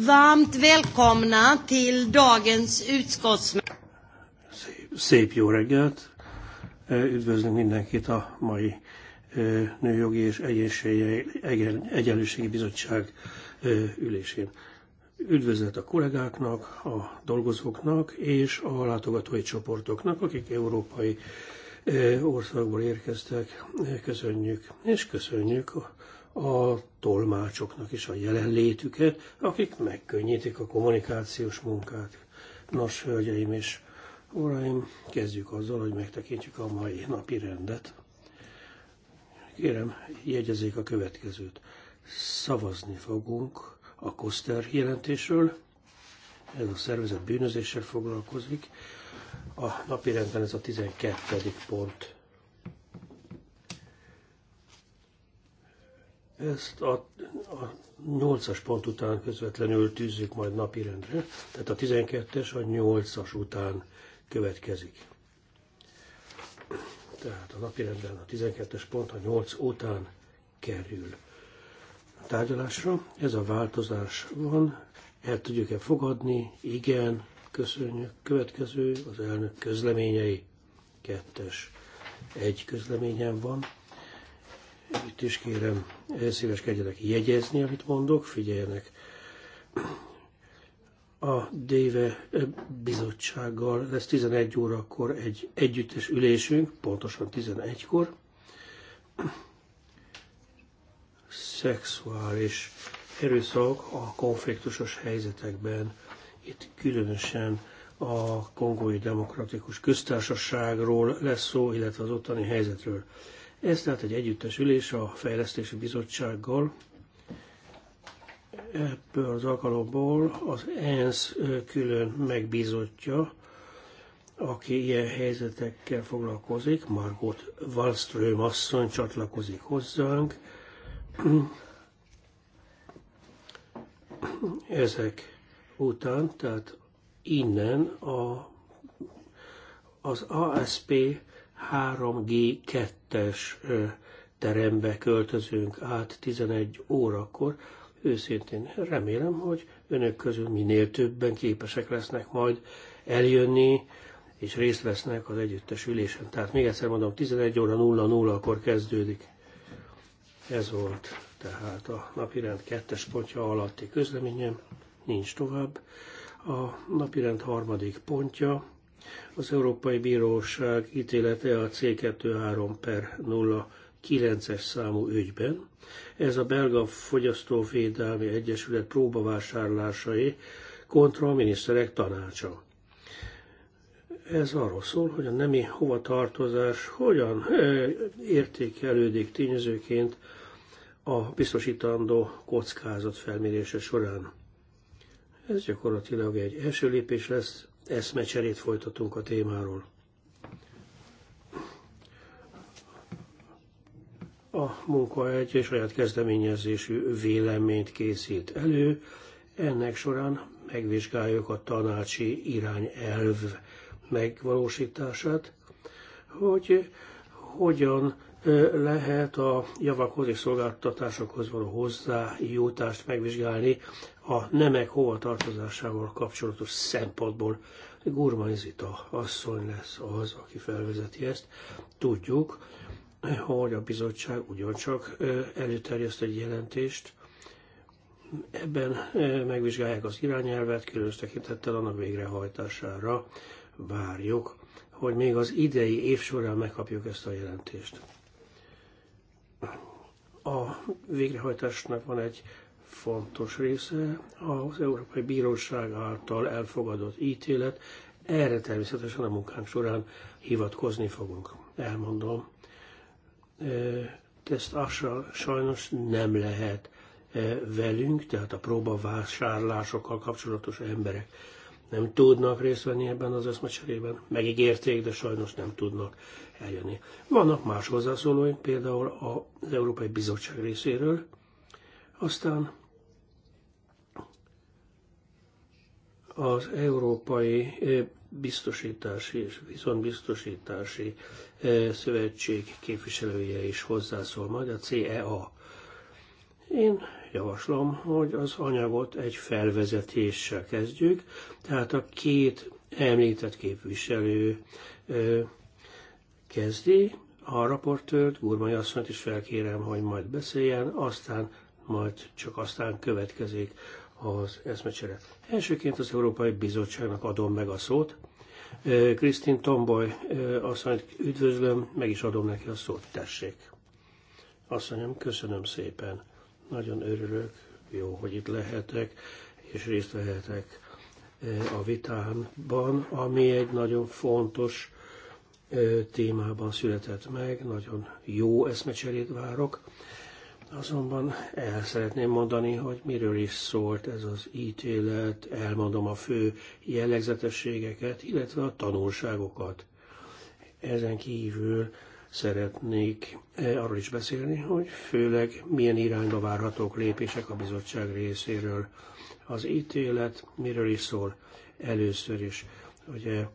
Varmt välkomna till dagens utskottsmöte. Szép, jó reggelt! Üdvözlünk mindenkit a mai Nőjogi és Egyenlőségi Bizottság ülésén. Üdvözlet a kollégáknak, a dolgozóknak és a látogatói csoportoknak, akik európai országból érkeztek. Köszönjük, és köszönjük a tolmácsoknak is a jelenlétüket, akik megkönnyítik a kommunikációs munkát. Nos, hölgyeim és uraim, kezdjük azzal, hogy megtekintjük a mai napi rendet. Kérem, jegyezzék a következőt. Szavazni fogunk a Koster jelentésről, ez a szervezet bűnözéssel foglalkozik. A rendben ez a 12. pont Ezt a, a 8-as pont után közvetlenül tűzzük majd napirendre, tehát a 12-es a 8-as után következik. Tehát a napirendben a 12-es pont a 8 után kerül a tárgyalásra. Ez a változás van, el tudjuk-e fogadni? Igen, köszönjük. Következő az elnök közleményei, kettes, egy közleményem van. Itt is kérem, szíveskedjenek jegyezni, amit mondok, figyeljenek. A Déve bizottsággal lesz 11 órakor egy együttes ülésünk, pontosan 11-kor. Szexuális erőszak a konfliktusos helyzetekben. Itt különösen a Kongói Demokratikus Köztársaságról lesz szó, illetve az ottani helyzetről. Ez tehát egy ülés a Fejlesztési Bizottsággal. Ebből az alkalomból az ENSZ külön megbízottja, aki ilyen helyzetekkel foglalkozik, Margot Wallström asszony csatlakozik hozzánk. Ezek után, tehát innen a, az ASP 3G2-es terembe költözünk át 11 órakor. Őszintén remélem, hogy önök közül minél többen képesek lesznek majd eljönni, és részt vesznek az együttes ülésen. Tehát még egyszer mondom, 11 óra 00 akkor kezdődik. Ez volt tehát a napirend kettes pontja alatti közleményem, nincs tovább. A napirend harmadik pontja az Európai Bíróság ítélete a C23 per 09-es számú ügyben. Ez a belga fogyasztóvédelmi egyesület próbavásárlásai kontra a miniszterek tanácsa. Ez arról szól, hogy a nemi hovatartozás hogyan értékelődik tényezőként a biztosítandó kockázat felmérése során. Ez gyakorlatilag egy első lépés lesz eszmecserét folytatunk a témáról. a munka egy saját kezdeményezésű véleményt készít elő. Ennek során megvizsgáljuk a tanácsi irányelv megvalósítását, hogy hogyan lehet a javakhoz és szolgáltatásokhoz való hozzájutást megvizsgálni a nemek hova tartozásával kapcsolatos szempontból. Gurmanizita asszony lesz az, aki felvezeti ezt. Tudjuk, hogy a bizottság ugyancsak előterjeszt egy jelentést, ebben megvizsgálják az irányelvet, különös tekintettel annak végrehajtására várjuk, hogy még az idei év során megkapjuk ezt a jelentést a végrehajtásnak van egy fontos része az Európai Bíróság által elfogadott ítélet. Erre természetesen a munkánk során hivatkozni fogunk, elmondom. Ezt assal sajnos nem lehet velünk, tehát a próbavásárlásokkal kapcsolatos emberek nem tudnak részt venni ebben az eszmecserében. Megígérték, de sajnos nem tudnak eljönni. Vannak más hozzászólóink, például az Európai Bizottság részéről. Aztán az Európai eh, Biztosítási és Viszontbiztosítási eh, Szövetség képviselője is hozzászól majd, a CEA. Én javaslom, hogy az anyagot egy felvezetéssel kezdjük, tehát a két említett képviselő kezdi, a raportőrt, Gurmai asszonyt is felkérem, hogy majd beszéljen, aztán majd csak aztán következik az eszmecsere. Elsőként az Európai Bizottságnak adom meg a szót. Krisztin Tomboy asszonyt üdvözlöm, meg is adom neki a szót, tessék. Asszonyom, köszönöm szépen. Nagyon örülök, jó, hogy itt lehetek, és részt vehetek e, a vitánban, ami egy nagyon fontos e, témában született meg, nagyon jó eszmecserét várok. Azonban el szeretném mondani, hogy miről is szólt ez az ítélet, elmondom a fő jellegzetességeket, illetve a tanulságokat. Ezen kívül Szeretnék eh, arról is beszélni, hogy főleg milyen irányba várhatók lépések a bizottság részéről. Az ítélet miről is szól? Először is, ugye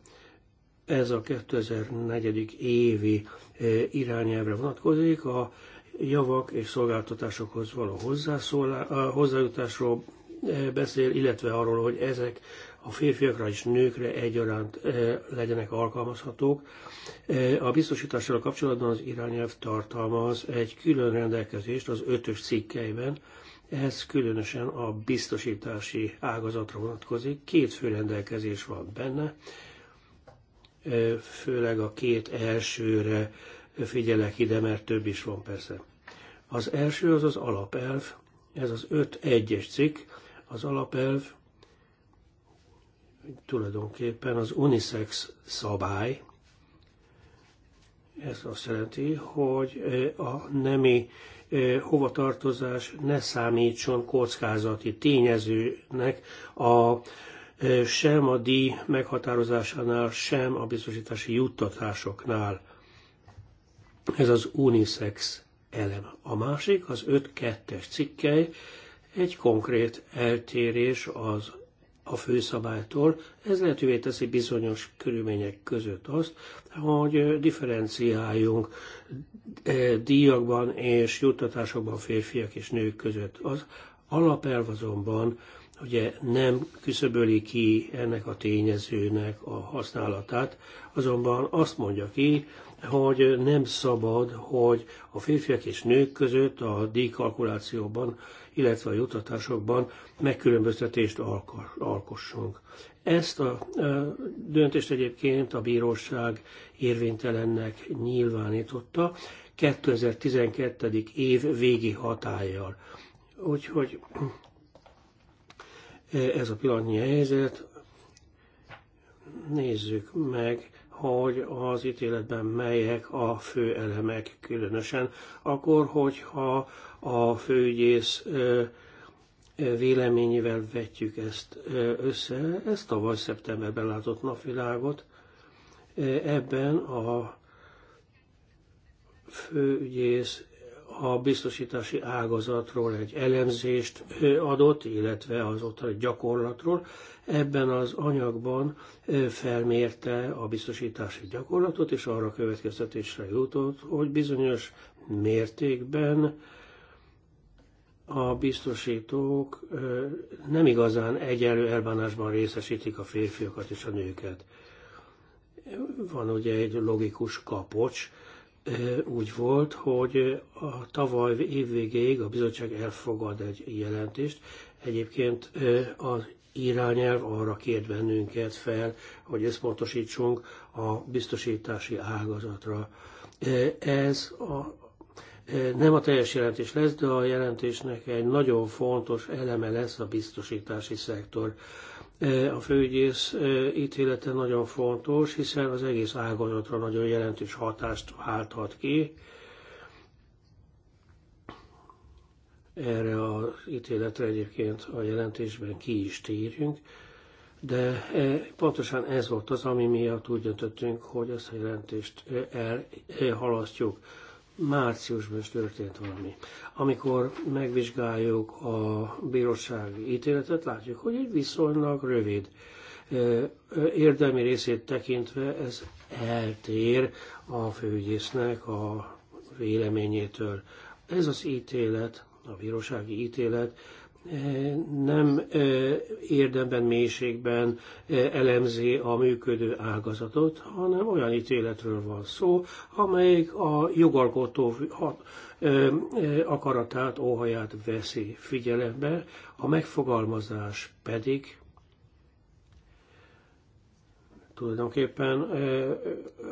ez a 2004. évi eh, irányelvre vonatkozik, a javak és szolgáltatásokhoz való hozzászólá, hozzájutásról eh, beszél, illetve arról, hogy ezek a férfiakra és nőkre egyaránt eh, legyenek alkalmazhatók. Eh, a biztosítással kapcsolatban az irányelv tartalmaz egy külön rendelkezést az ötös cikkeiben, ez különösen a biztosítási ágazatra vonatkozik. Két fő rendelkezés van benne, eh, főleg a két elsőre figyelek ide, mert több is van persze. Az első az az alapelv, ez az 5.1-es cikk, az alapelv tulajdonképpen az unisex szabály. Ez azt jelenti, hogy a nemi hovatartozás ne számítson kockázati tényezőnek a sem a díj meghatározásánál, sem a biztosítási juttatásoknál. Ez az unisex elem. A másik, az 5-2-es cikkely, egy konkrét eltérés az a főszabálytól. Ez lehetővé teszi bizonyos körülmények között azt, hogy differenciáljunk e, díjakban és juttatásokban férfiak és nők között. Az alapelv azonban ugye nem küszöböli ki ennek a tényezőnek a használatát, azonban azt mondja ki, hogy nem szabad, hogy a férfiak és nők között a díjkalkulációban illetve a juttatásokban megkülönböztetést alkossunk. Ezt a döntést egyébként a bíróság érvénytelennek nyilvánította 2012. év végi hatállyal. Úgyhogy ez a pillanatnyi helyzet. Nézzük meg, hogy az ítéletben melyek a fő elemek, különösen akkor, hogyha a főügyész véleményével vetjük ezt össze. ezt tavaly szeptemberben látott napvilágot. Ebben a főügyész a biztosítási ágazatról egy elemzést adott, illetve az egy gyakorlatról. Ebben az anyagban felmérte a biztosítási gyakorlatot, és arra következtetésre jutott, hogy bizonyos mértékben a biztosítók nem igazán egyenlő elbánásban részesítik a férfiakat és a nőket. Van ugye egy logikus kapocs, úgy volt, hogy a tavaly évvégéig végéig a bizottság elfogad egy jelentést. Egyébként az irányelv arra kért bennünket fel, hogy összpontosítsunk a biztosítási ágazatra. Ez a nem a teljes jelentés lesz, de a jelentésnek egy nagyon fontos eleme lesz a biztosítási szektor. E, a főügyész e, ítélete nagyon fontos, hiszen az egész ágazatra nagyon jelentős hatást válthat ki. Erre az ítéletre egyébként a jelentésben ki is térjünk, de e, pontosan ez volt az, ami miatt úgy döntöttünk, hogy ezt a jelentést elhalasztjuk márciusban is történt valami. Amikor megvizsgáljuk a bírósági ítéletet, látjuk, hogy egy viszonylag rövid érdemi részét tekintve ez eltér a főügyésznek a véleményétől. Ez az ítélet, a bírósági ítélet nem érdemben, mélységben elemzi a működő ágazatot, hanem olyan ítéletről van szó, amelyik a jogalkotó akaratát, óhaját veszi figyelembe, a megfogalmazás pedig tulajdonképpen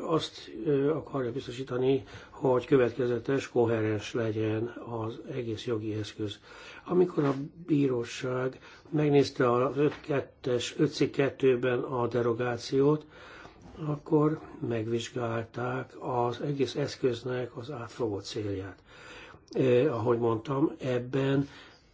azt akarja biztosítani, hogy következetes, koherens legyen az egész jogi eszköz. Amikor a bíróság megnézte a 5.2-es, 5.2-ben a derogációt, akkor megvizsgálták az egész eszköznek az átfogó célját. Eh, ahogy mondtam, ebben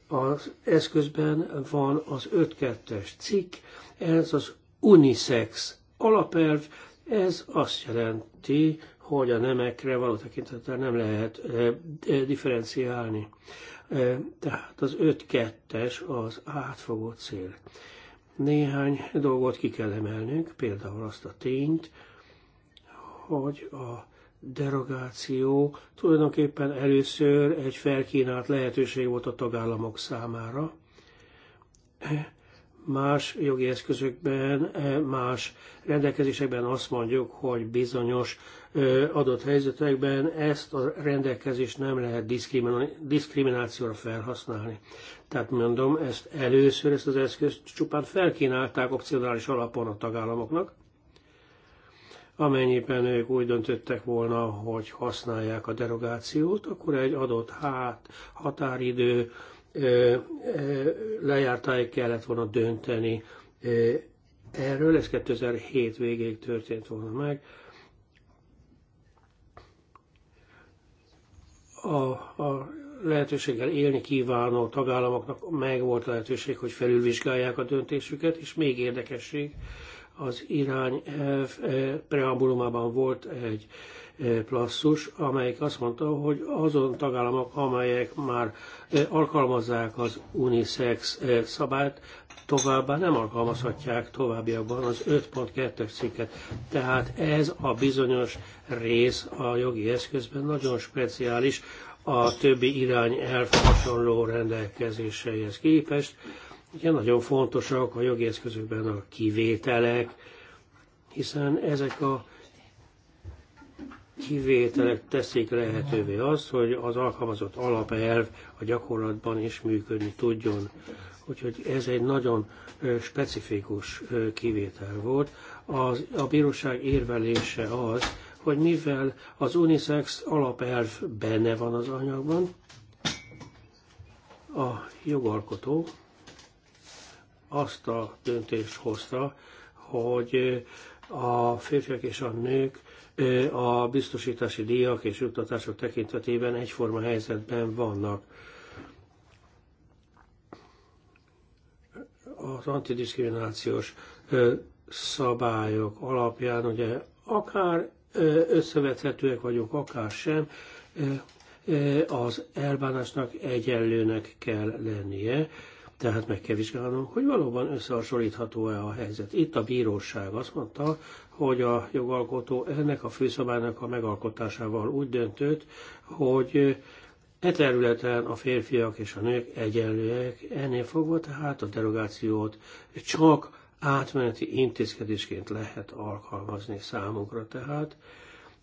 az eszközben van az 5.2-es cikk, ez az unisex alapelv, ez azt jelenti, hogy a nemekre való tekintettel nem lehet eh, eh, differenciálni. Eh, tehát az 5-2-es az átfogó cél. Néhány dolgot ki kell emelnünk, például azt a tényt, hogy a derogáció tulajdonképpen először egy felkínált lehetőség volt a tagállamok számára. Más jogi eszközökben, eh, más rendelkezésekben azt mondjuk, hogy bizonyos eh, adott helyzetekben ezt a rendelkezést nem lehet diszkriminációra felhasználni. Tehát mondom, ezt először, ezt az eszközt csupán felkínálták opcionális alapon a tagállamoknak, amennyiben ők úgy döntöttek volna, hogy használják a derogációt, akkor egy adott hát, határidő lejártáig kellett volna dönteni erről, ez 2007 végéig történt volna meg. A, a lehetőséggel élni kívánó tagállamoknak meg volt lehetőség, hogy felülvizsgálják a döntésüket, és még érdekesség, az irány preambulumában volt egy plasszus, amelyik azt mondta, hogy azon tagállamok, amelyek már alkalmazzák az unisex szabályt, továbbá nem alkalmazhatják továbbiakban az 5.2-es cikket. Tehát ez a bizonyos rész a jogi eszközben nagyon speciális, a többi irány hasonló rendelkezéseihez képest. Ugye nagyon fontosak a jogi eszközökben a kivételek, hiszen ezek a kivételek teszik lehetővé azt, hogy az alkalmazott alapelv a gyakorlatban is működni tudjon. Úgyhogy ez egy nagyon specifikus kivétel volt. Az, a bíróság érvelése az, hogy mivel az unisex alapelv benne van az anyagban, a jogalkotó azt a döntést hozta, hogy a férfiak és a nők a biztosítási díjak és juttatások tekintetében egyforma helyzetben vannak. Az antidiskriminációs szabályok alapján ugye akár összevethetőek vagyunk, akár sem, az elbánásnak egyenlőnek kell lennie. Tehát meg kell vizsgálnunk, hogy valóban összehasonlítható-e a helyzet. Itt a bíróság azt mondta, hogy a jogalkotó ennek a főszabálynak a megalkotásával úgy döntött, hogy e területen a férfiak és a nők egyenlőek, ennél fogva tehát a derogációt csak átmeneti intézkedésként lehet alkalmazni számunkra. Tehát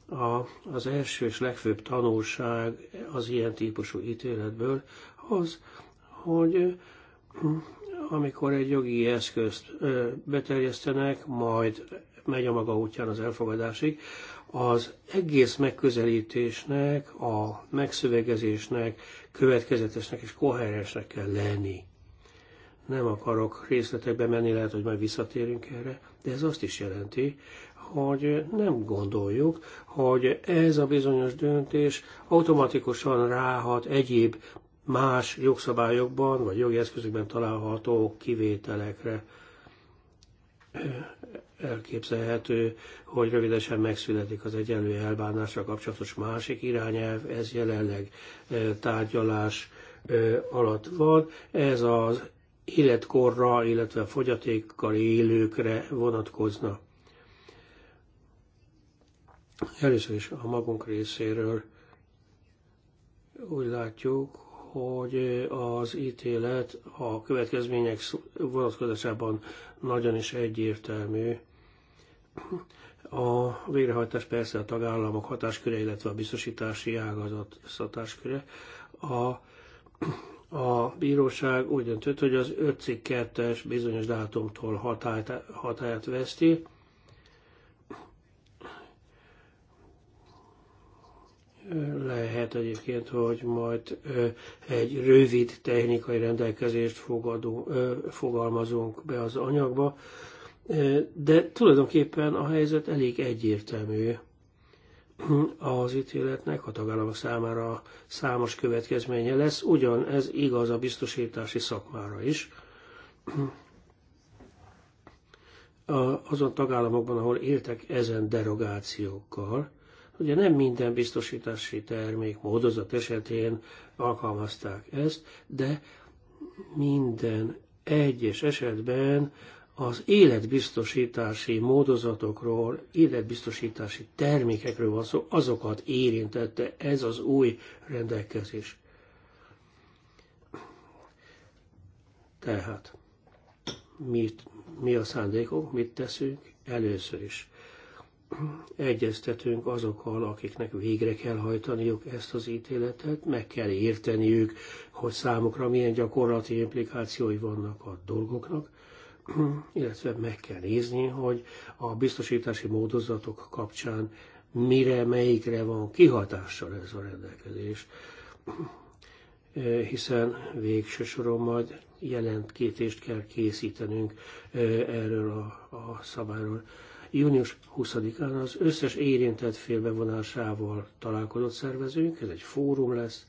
a, az első és legfőbb tanulság az ilyen típusú ítéletből az, hogy amikor egy jogi eszközt beterjesztenek, majd megy a maga útján az elfogadásig, az egész megközelítésnek, a megszövegezésnek, következetesnek és koherensnek kell lenni. Nem akarok részletekbe menni, lehet, hogy majd visszatérünk erre, de ez azt is jelenti, hogy nem gondoljuk, hogy ez a bizonyos döntés automatikusan ráhat egyéb más jogszabályokban vagy jogi eszközökben található kivételekre elképzelhető, hogy rövidesen megszületik az egyenlő elbánásra kapcsolatos másik irányelv, ez jelenleg tárgyalás alatt van. Ez az életkorra, illetve fogyatékkal élőkre vonatkozna. Először is a magunk részéről úgy látjuk, hogy az ítélet a következmények vonatkozásában nagyon is egyértelmű. A végrehajtás persze a tagállamok hatásköre, illetve a biztosítási ágazat hatásköre. A a bíróság úgy döntött, hogy az 5 cikk 2 bizonyos dátumtól hatályt, hatályát veszti, lehet egyébként, hogy majd egy rövid technikai rendelkezést fogadunk, fogalmazunk be az anyagba, de tulajdonképpen a helyzet elég egyértelmű. Az ítéletnek a tagállamok számára számos következménye lesz, ugyan ez igaz a biztosítási szakmára is. Azon tagállamokban, ahol éltek ezen derogációkkal, Ugye nem minden biztosítási termék módozat esetén alkalmazták ezt, de minden egyes esetben az életbiztosítási módozatokról, életbiztosítási termékekről van szó, azokat érintette ez az új rendelkezés. Tehát, mit, mi a szándékunk, mit teszünk először is egyeztetünk azokkal, akiknek végre kell hajtaniuk ezt az ítéletet, meg kell érteniük, hogy számukra milyen gyakorlati implikációi vannak a dolgoknak, illetve meg kell nézni, hogy a biztosítási módozatok kapcsán mire, melyikre van kihatással ez a rendelkezés, hiszen végső soron majd jelentkétést kell készítenünk eh, erről a, a szabályról. Június 20-án az összes érintett fél bevonásával találkozott szervezőnk, ez egy fórum lesz.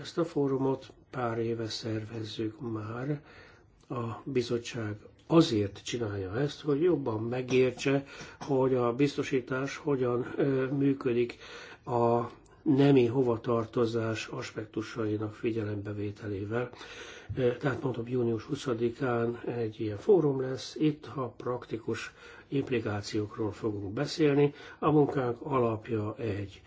Ezt a fórumot pár éve szervezzük már. A bizottság azért csinálja ezt, hogy jobban megértse, hogy a biztosítás hogyan működik a nemi hovatartozás aspektusainak figyelembevételével tehát mondom, június 20-án egy ilyen fórum lesz, itt ha praktikus implikációkról fogunk beszélni. A munkánk alapja egy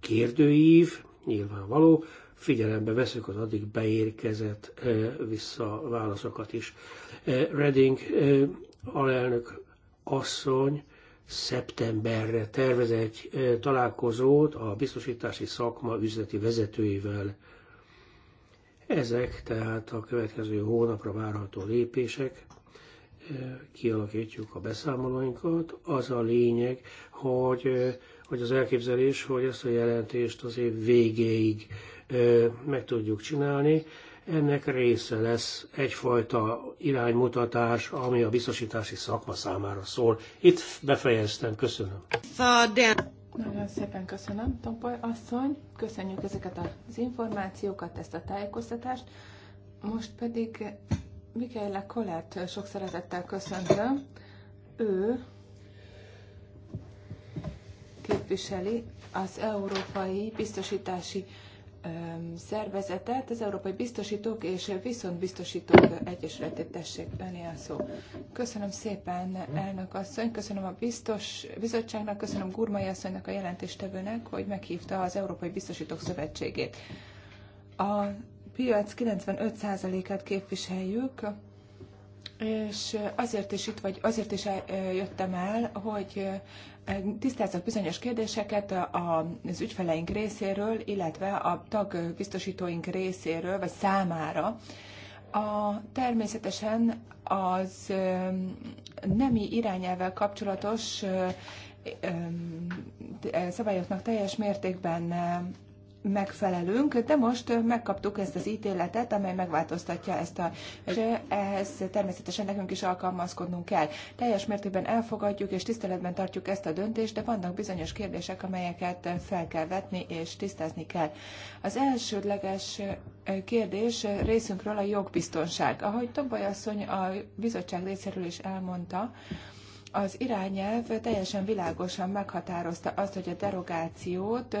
kérdőív, nyilvánvaló, figyelembe veszük az addig beérkezett visszaválaszokat is. Reding alelnök asszony szeptemberre tervez egy találkozót a biztosítási szakma üzleti vezetőivel ezek tehát a következő hónapra várható lépések, kialakítjuk a beszámolóinkat. Az a lényeg, hogy, hogy az elképzelés, hogy ezt a jelentést az év végéig meg tudjuk csinálni. Ennek része lesz egyfajta iránymutatás, ami a biztosítási szakma számára szól. Itt befejeztem, köszönöm. Nagyon szépen köszönöm, Tompor asszony. Köszönjük ezeket az információkat, ezt a tájékoztatást. Most pedig Mikaela Kolert sok szeretettel köszöntöm. Ő képviseli az Európai Biztosítási szervezetet, az Európai Biztosítók és Viszontbiztosítók Egyesületét tessék önni a szó. Köszönöm szépen, elnök asszony, köszönöm a biztos bizottságnak, köszönöm Gurmai asszonynak a jelentéstevőnek, hogy meghívta az Európai Biztosítók Szövetségét. A piac 95%-át képviseljük, és azért is itt vagy, azért is eh, jöttem el, hogy eh, tisztázzak bizonyos kérdéseket az ügyfeleink részéről, illetve a tagbiztosítóink részéről, vagy számára. A, természetesen az eh, nemi irányelvvel kapcsolatos szabályoknak teljes mértékben megfelelünk, de most megkaptuk ezt az ítéletet, amely megváltoztatja ezt a... És ehhez természetesen nekünk is alkalmazkodnunk kell. Teljes mértékben elfogadjuk és tiszteletben tartjuk ezt a döntést, de vannak bizonyos kérdések, amelyeket fel kell vetni és tisztázni kell. Az elsődleges kérdés részünkről a jogbiztonság. Ahogy Tobaj asszony a bizottság részéről is elmondta, az irányelv teljesen világosan meghatározta azt, hogy a derogációt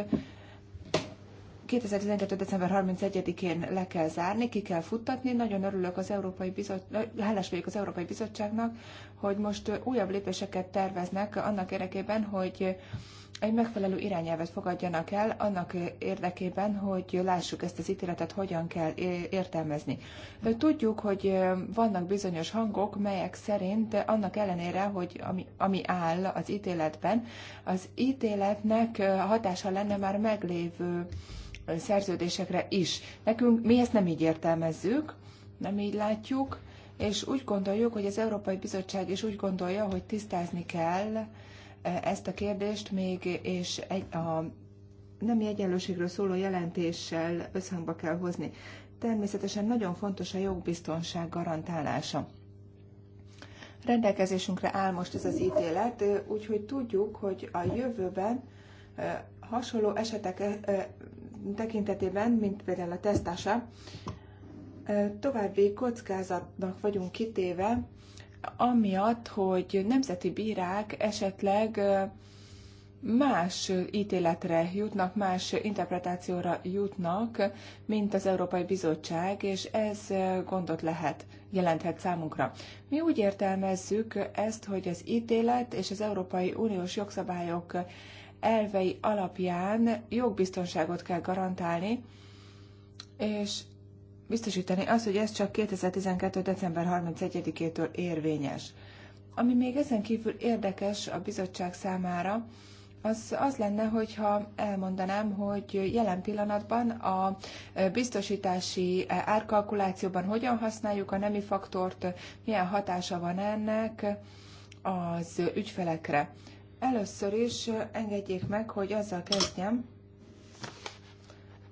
2012. december 31-én le kell zárni, ki kell futtatni. Nagyon örülök az Európai Bizottság, hálás vagyok az Európai Bizottságnak, hogy most újabb lépéseket terveznek annak érdekében, hogy egy megfelelő irányelvet fogadjanak el annak érdekében, hogy lássuk ezt az ítéletet, hogyan kell értelmezni. Tudjuk, hogy vannak bizonyos hangok, melyek szerint annak ellenére, hogy ami, ami áll az ítéletben, az ítéletnek hatása lenne már meglévő szerződésekre is. Nekünk mi ezt nem így értelmezzük, nem így látjuk, és úgy gondoljuk, hogy az Európai Bizottság is úgy gondolja, hogy tisztázni kell e, ezt a kérdést még, és egy, a nemi egyenlőségről szóló jelentéssel összhangba kell hozni. Természetesen nagyon fontos a jogbiztonság garantálása. Rendelkezésünkre áll most ez az ítélet, úgyhogy tudjuk, hogy a jövőben e, hasonló esetek e, tekintetében, mint például a tesztása, további kockázatnak vagyunk kitéve, amiatt, hogy nemzeti bírák esetleg más ítéletre jutnak, más interpretációra jutnak, mint az Európai Bizottság, és ez gondot lehet, jelenthet számunkra. Mi úgy értelmezzük ezt, hogy az ítélet és az Európai Uniós jogszabályok elvei alapján jogbiztonságot kell garantálni, és biztosítani azt, hogy ez csak 2012. december 31-től érvényes. Ami még ezen kívül érdekes a bizottság számára, az az lenne, hogyha elmondanám, hogy jelen pillanatban a biztosítási árkalkulációban hogyan használjuk a nemi faktort, milyen hatása van ennek az ügyfelekre. Először is engedjék meg, hogy azzal kezdjem,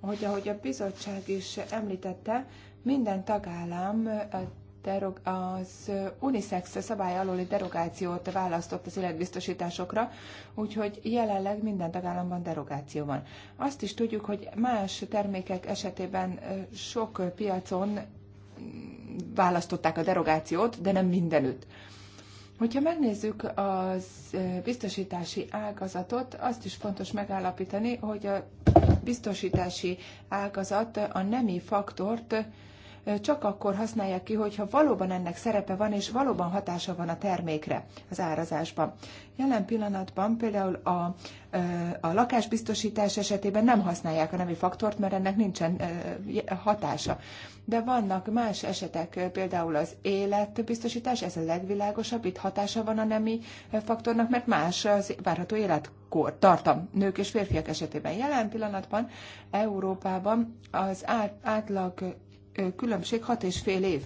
hogy ahogy a bizottság is említette, minden tagállam az unisex szabály alóli derogációt választott az életbiztosításokra, úgyhogy jelenleg minden tagállamban derogáció van. Azt is tudjuk, hogy más termékek esetében sok piacon választották a derogációt, de nem mindenütt. Hogyha megnézzük az biztosítási ágazatot, azt is fontos megállapítani, hogy a biztosítási ágazat a nemi faktort csak akkor használják ki, hogyha valóban ennek szerepe van, és valóban hatása van a termékre az árazásban. Jelen pillanatban például a, a lakásbiztosítás esetében nem használják a nemi faktort, mert ennek nincsen hatása. De vannak más esetek, például az életbiztosítás, ez a legvilágosabb, itt hatása van a nemi faktornak, mert más az várható életkor, tartam nők és férfiak esetében. Jelen pillanatban Európában az átlag különbség 6,5 év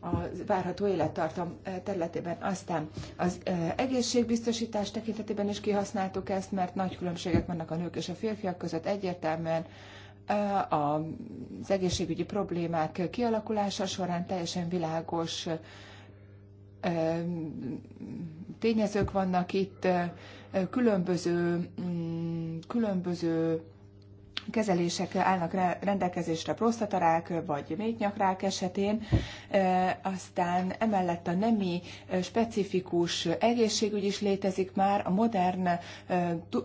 a várható élettartam területében. Aztán az egészségbiztosítás tekintetében is kihasználtuk ezt, mert nagy különbségek vannak a nők és a férfiak között egyértelműen az egészségügyi problémák kialakulása során teljesen világos tényezők vannak itt, különböző, mm, különböző kezelések állnak rendelkezésre prosztatarák vagy méhnyakrák esetén, aztán emellett a nemi specifikus egészségügy is létezik már, a modern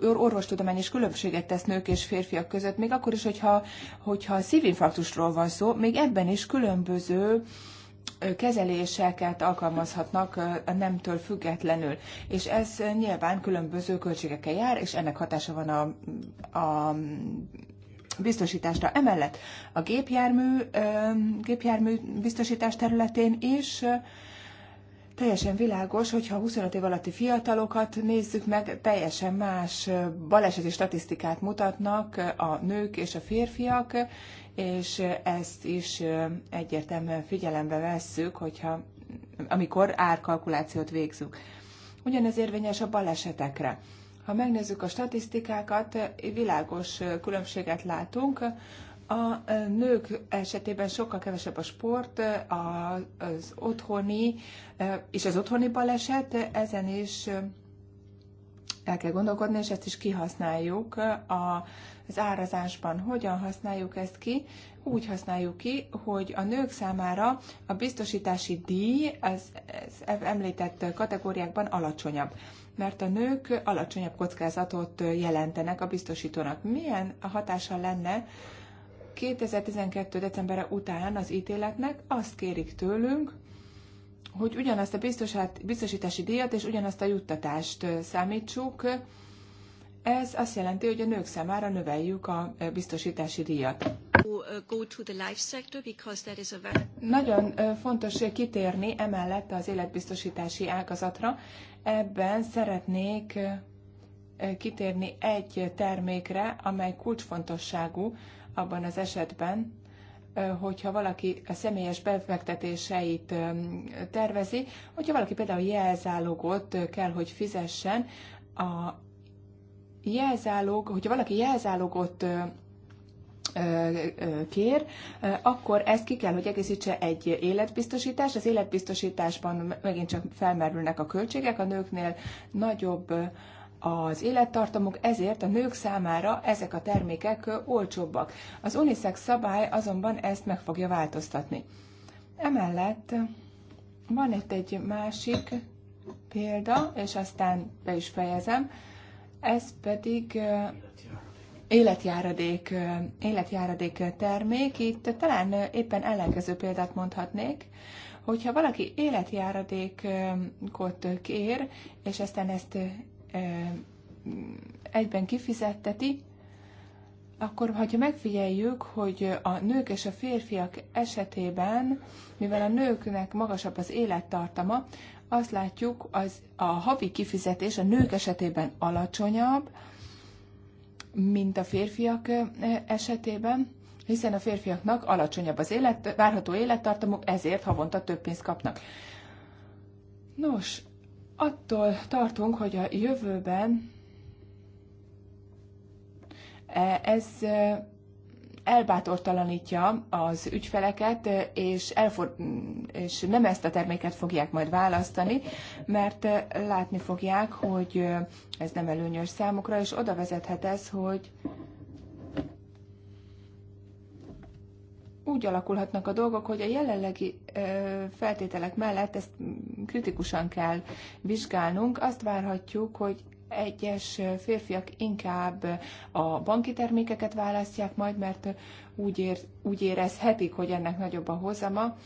orvostudomány is különbséget tesz nők és férfiak között, még akkor is, hogyha, hogyha szívinfarktusról van szó, még ebben is különböző kezeléseket alkalmazhatnak a nemtől függetlenül. És ez nyilván különböző költségekkel jár, és ennek hatása van a, a biztosításra. Emellett a gépjármű, gépjármű biztosítás területén is teljesen világos, hogyha 25 év alatti fiatalokat nézzük meg, teljesen más baleseti statisztikát mutatnak a nők és a férfiak, és ezt is egyértelműen figyelembe vesszük, hogyha, amikor árkalkulációt végzünk. Ugyanez érvényes a balesetekre. Ha megnézzük a statisztikákat, világos különbséget látunk. A nők esetében sokkal kevesebb a sport, az otthoni és az otthoni baleset, ezen is el kell gondolkodni, és ezt is kihasználjuk a, az árazásban. Hogyan használjuk ezt ki? Úgy használjuk ki, hogy a nők számára a biztosítási díj az, az említett kategóriákban alacsonyabb mert a nők alacsonyabb kockázatot jelentenek a biztosítónak. Milyen a hatása lenne 2012. decemberre után az ítéletnek? Azt kérik tőlünk, hogy ugyanazt a biztosítási díjat és ugyanazt a juttatást számítsuk ez azt jelenti, hogy a nők számára növeljük a e, biztosítási díjat. Uh, Nagyon fontos kitérni emellett az életbiztosítási ágazatra. Ebben szeretnék kitérni egy termékre, amely kulcsfontosságú abban az esetben, hogyha valaki a személyes befektetéseit tervezi, hogyha valaki például jelzálogot kell, hogy fizessen a jelzálog, hogyha valaki jelzálogot kér, akkor ezt ki kell, hogy egészítse egy életbiztosítás. Az életbiztosításban megint csak felmerülnek a költségek, a nőknél nagyobb az élettartamok, ezért a nők számára ezek a termékek olcsóbbak. Az unisex szabály azonban ezt meg fogja változtatni. Emellett van itt egy másik példa, és aztán be is fejezem. Ez pedig életjáradék, életjáradék termék. Itt talán éppen ellenkező példát mondhatnék, hogyha valaki életjáradékot kér, és aztán ezt egyben kifizetteti, akkor ha megfigyeljük, hogy a nők és a férfiak esetében, mivel a nőknek magasabb az élettartama, azt látjuk, az a havi kifizetés a nők esetében alacsonyabb, mint a férfiak esetében, hiszen a férfiaknak alacsonyabb az élet, várható élettartamuk, ezért havonta több pénzt kapnak. Nos, attól tartunk, hogy a jövőben e, ez elbátortalanítja az ügyfeleket, és, elfor- és nem ezt a terméket fogják majd választani, mert látni fogják, hogy ez nem előnyös számukra, és oda vezethet ez, hogy úgy alakulhatnak a dolgok, hogy a jelenlegi feltételek mellett ezt kritikusan kell vizsgálnunk. Azt várhatjuk, hogy egyes férfiak inkább a banki termékeket választják majd, mert úgy, ér, úgy érezhetik, hogy ennek nagyobb a hozama.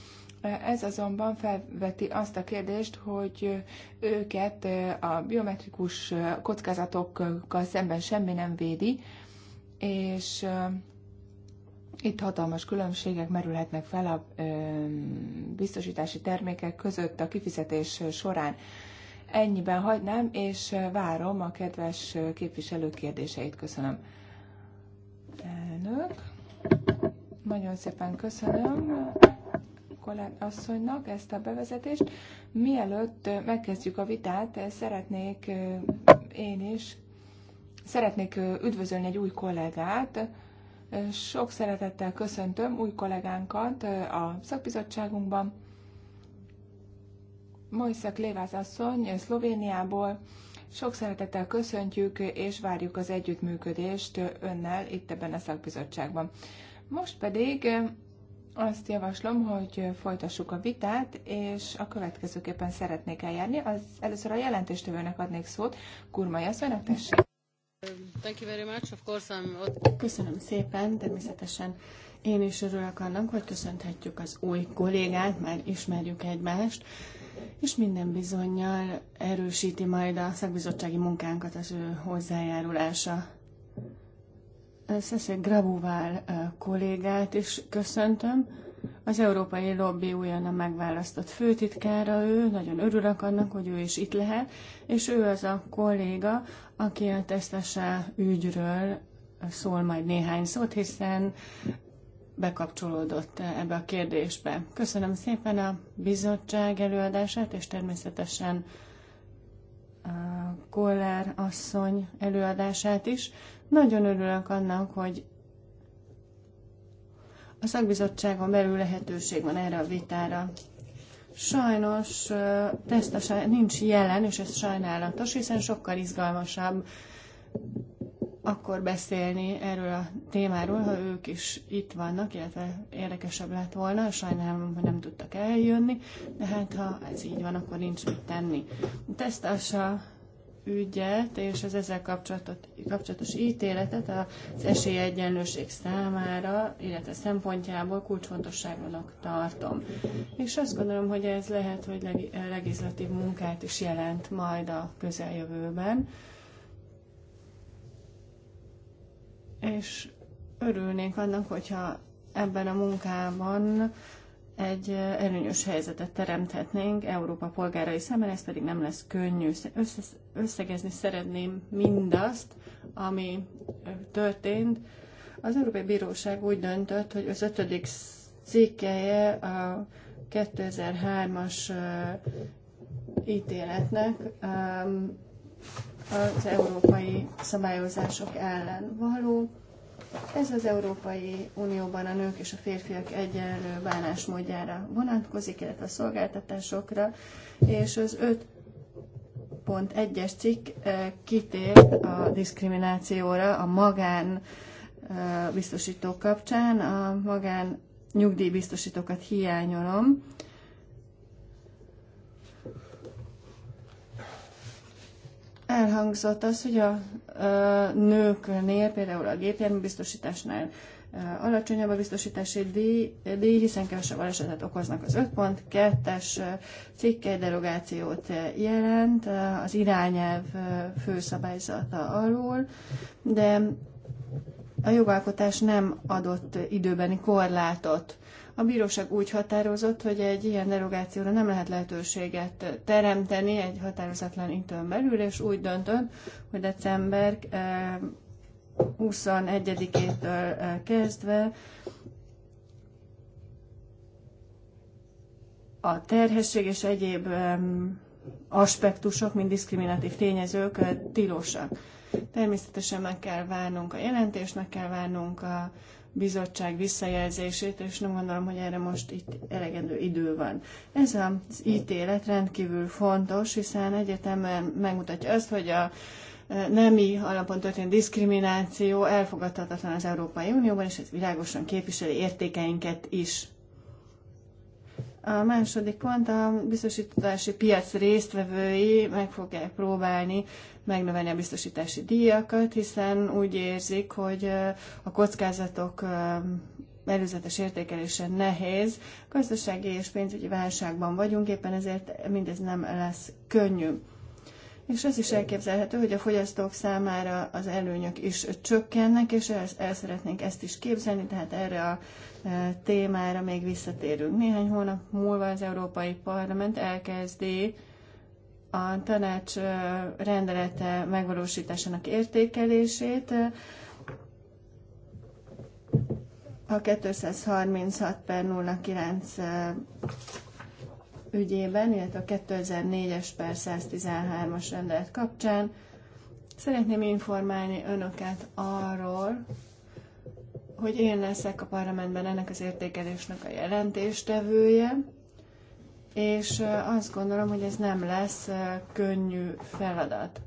Ez azonban felveti azt a kérdést, hogy őket a biometrikus kockázatokkal szemben semmi nem védi, és eh, itt hatalmas különbségek merülhetnek fel a eh, biztosítási termékek között a kifizetés során. Ennyiben hagynám, és várom a kedves képviselő kérdéseit. Köszönöm. Elnök. Nagyon szépen köszönöm asszonynak ezt a bevezetést. Mielőtt megkezdjük a vitát, szeretnék én is szeretnék üdvözölni egy új kollégát. Sok szeretettel köszöntöm új kollégánkat a szakbizottságunkban. Mojszak Lévász asszony Szlovéniából. Sok szeretettel köszöntjük, és várjuk az együttműködést önnel itt ebben a szakbizottságban. Most pedig eh, azt javaslom, hogy folytassuk a vitát, és a következőképpen szeretnék eljárni. Az először a jelentéstevőnek adnék szót. Kurmai asszonynak tessék. Thank you very much. Of course I'm... Köszönöm szépen, természetesen én is örülök annak, hogy köszönhetjük az új kollégát, már ismerjük egymást és minden bizonyal erősíti majd a szakbizottsági munkánkat az ő hozzájárulása. Szeszély Grabuvál kollégát is köszöntöm. Az Európai Lobby újonnan megválasztott főtitkára ő, nagyon örülök annak, hogy ő is itt lehet, és ő az a kolléga, aki a tesztese ügyről szól majd néhány szót, hiszen bekapcsolódott ebbe a kérdésbe. Köszönöm szépen a bizottság előadását, és természetesen a Koller asszony előadását is. Nagyon örülök annak, hogy a szakbizottságon belül lehetőség van erre a vitára. Sajnos tesztesen nincs jelen, és ez sajnálatos, hiszen sokkal izgalmasabb akkor beszélni erről a témáról, ha ők is itt vannak, illetve érdekesebb lett volna, sajnálom, hogy nem tudtak eljönni, de hát ha ez így van, akkor nincs mit tenni. A tesztása ügyet és az ezzel kapcsolatos ítéletet az esélyegyenlőség számára, illetve szempontjából kulcsfontosságonak tartom. És azt gondolom, hogy ez lehet, hogy legislatív munkát is jelent majd a közeljövőben és örülnék annak, hogyha ebben a munkában egy előnyös helyzetet teremthetnénk Európa polgárai számára, ez pedig nem lesz könnyű. Összegezni szeretném mindazt, ami történt. Az Európai Bíróság úgy döntött, hogy az ötödik cikkeje a 2003-as ítéletnek az európai szabályozások ellen való. Ez az Európai Unióban a nők és a férfiak egyenlő bánásmódjára vonatkozik, illetve a szolgáltatásokra, és az 5.1-es cikk eh, kitér a diszkriminációra a magán eh, biztosítók kapcsán. A magán nyugdíjbiztosítókat hiányolom, Elhangzott az, hogy a nőknél, például a gépjárműbiztosításnál alacsonyabb a biztosítási díj, díj hiszen kevesebb balesetet okoznak az 5.2-es cikkely derogációt jelent az irányelv főszabályzata alól, de a jogalkotás nem adott időbeni korlátot a bíróság úgy határozott, hogy egy ilyen derogációra nem lehet lehetőséget teremteni egy határozatlan időn belül, és úgy döntött, hogy december 21-től eh, eh, kezdve a terhesség és egyéb aspektusok, mint diszkriminatív tényezők eh, tilosak. Természetesen meg kell várnunk a jelentést, meg kell várnunk a bizottság visszajelzését, és nem gondolom, hogy erre most itt elegendő idő van. Ez az ítélet rendkívül fontos, hiszen egyetemen megmutatja azt, hogy a e, nemi alapon történt diszkrimináció elfogadhatatlan az Európai Unióban, és ez világosan képviseli értékeinket is. A második pont a biztosítási piac résztvevői meg fogják próbálni megnövelni a biztosítási díjakat, hiszen úgy érzik, hogy a kockázatok előzetes értékelése nehéz. Gazdasági és pénzügyi válságban vagyunk, éppen ezért mindez nem lesz könnyű és az is elképzelhető, hogy a fogyasztók számára az előnyök is csökkennek, és el, el szeretnénk ezt is képzelni, tehát erre a e, témára még visszatérünk. Néhány hónap múlva az Európai Parlament elkezdi a tanács e, rendelete megvalósításának értékelését. A 236 per 09 ügyében, illetve a 2004-es per 113-as rendelet kapcsán. Szeretném informálni önöket arról, hogy én leszek a parlamentben ennek az értékelésnek a jelentéstevője, és azt gondolom, hogy ez nem lesz könnyű feladat.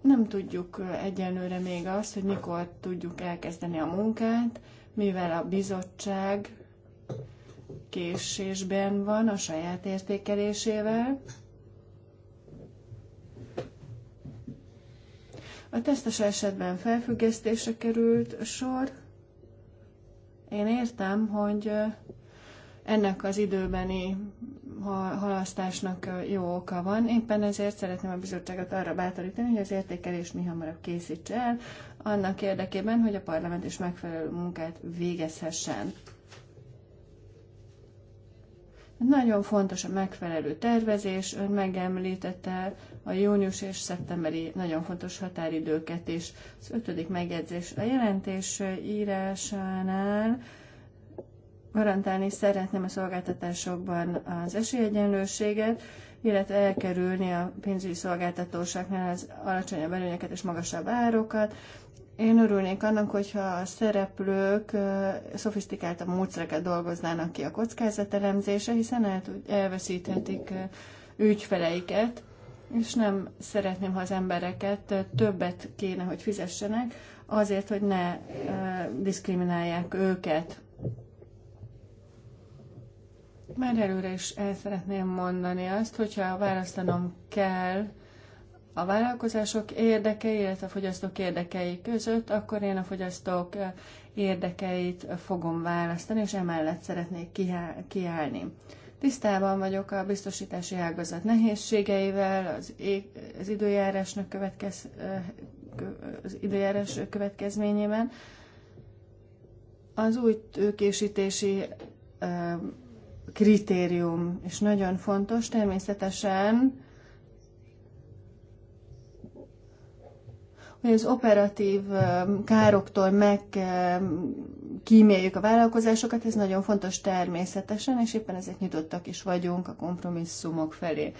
Nem tudjuk egyenlőre még azt, hogy mikor tudjuk elkezdeni a munkát, mivel a bizottság késésben van a saját értékelésével. A tesztes esetben felfüggesztésre került sor. Én értem, hogy ennek az időbeni halasztásnak jó oka van. Éppen ezért szeretném a bizottságot arra bátorítani, hogy az értékelést mi hamarabb készítse el, annak érdekében, hogy a parlament is megfelelő munkát végezhessen. Nagyon fontos a megfelelő tervezés, ön megemlítette a június és szeptemberi nagyon fontos határidőket is. Az ötödik megjegyzés a jelentés írásánál garantálni szeretném a szolgáltatásokban az esélyegyenlőséget, illetve elkerülni a pénzügyi szolgáltatóságnál az alacsonyabb előnyeket és magasabb árokat, én örülnék annak, hogyha a szereplők szofisztikáltabb módszereket dolgoznának ki a kockázatelemzése, hiszen el, elveszíthetik ügyfeleiket, és nem szeretném, ha az embereket többet kéne, hogy fizessenek, azért, hogy ne diszkriminálják őket. Már előre is el szeretném mondani azt, hogyha választanom kell, a vállalkozások érdekei, illetve a fogyasztók érdekei között, akkor én a fogyasztók eh, érdekeit fogom választani, és emellett szeretnék kiállni. Tisztában vagyok a biztosítási ágazat nehézségeivel, az, az, időjárásnak következ, eh, az időjárás következményében. Az új tőkésítési eh, kritérium is nagyon fontos, természetesen hogy az operatív károktól megkíméljük a vállalkozásokat, ez nagyon fontos természetesen, és éppen ezért nyitottak is vagyunk a kompromisszumok felé.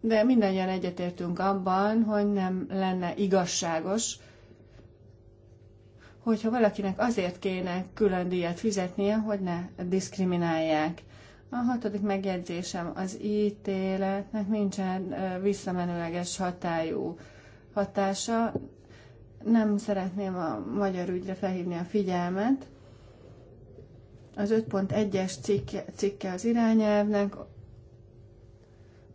De mindannyian egyetértünk abban, hogy nem lenne igazságos, hogyha valakinek azért kéne külön díjat fizetnie, hogy ne diszkriminálják. A hatodik megjegyzésem az ítéletnek nincsen visszamenőleges hatályú hatása. Nem szeretném a magyar ügyre felhívni a figyelmet. Az 5.1-es cikke, cikke az irányelvnek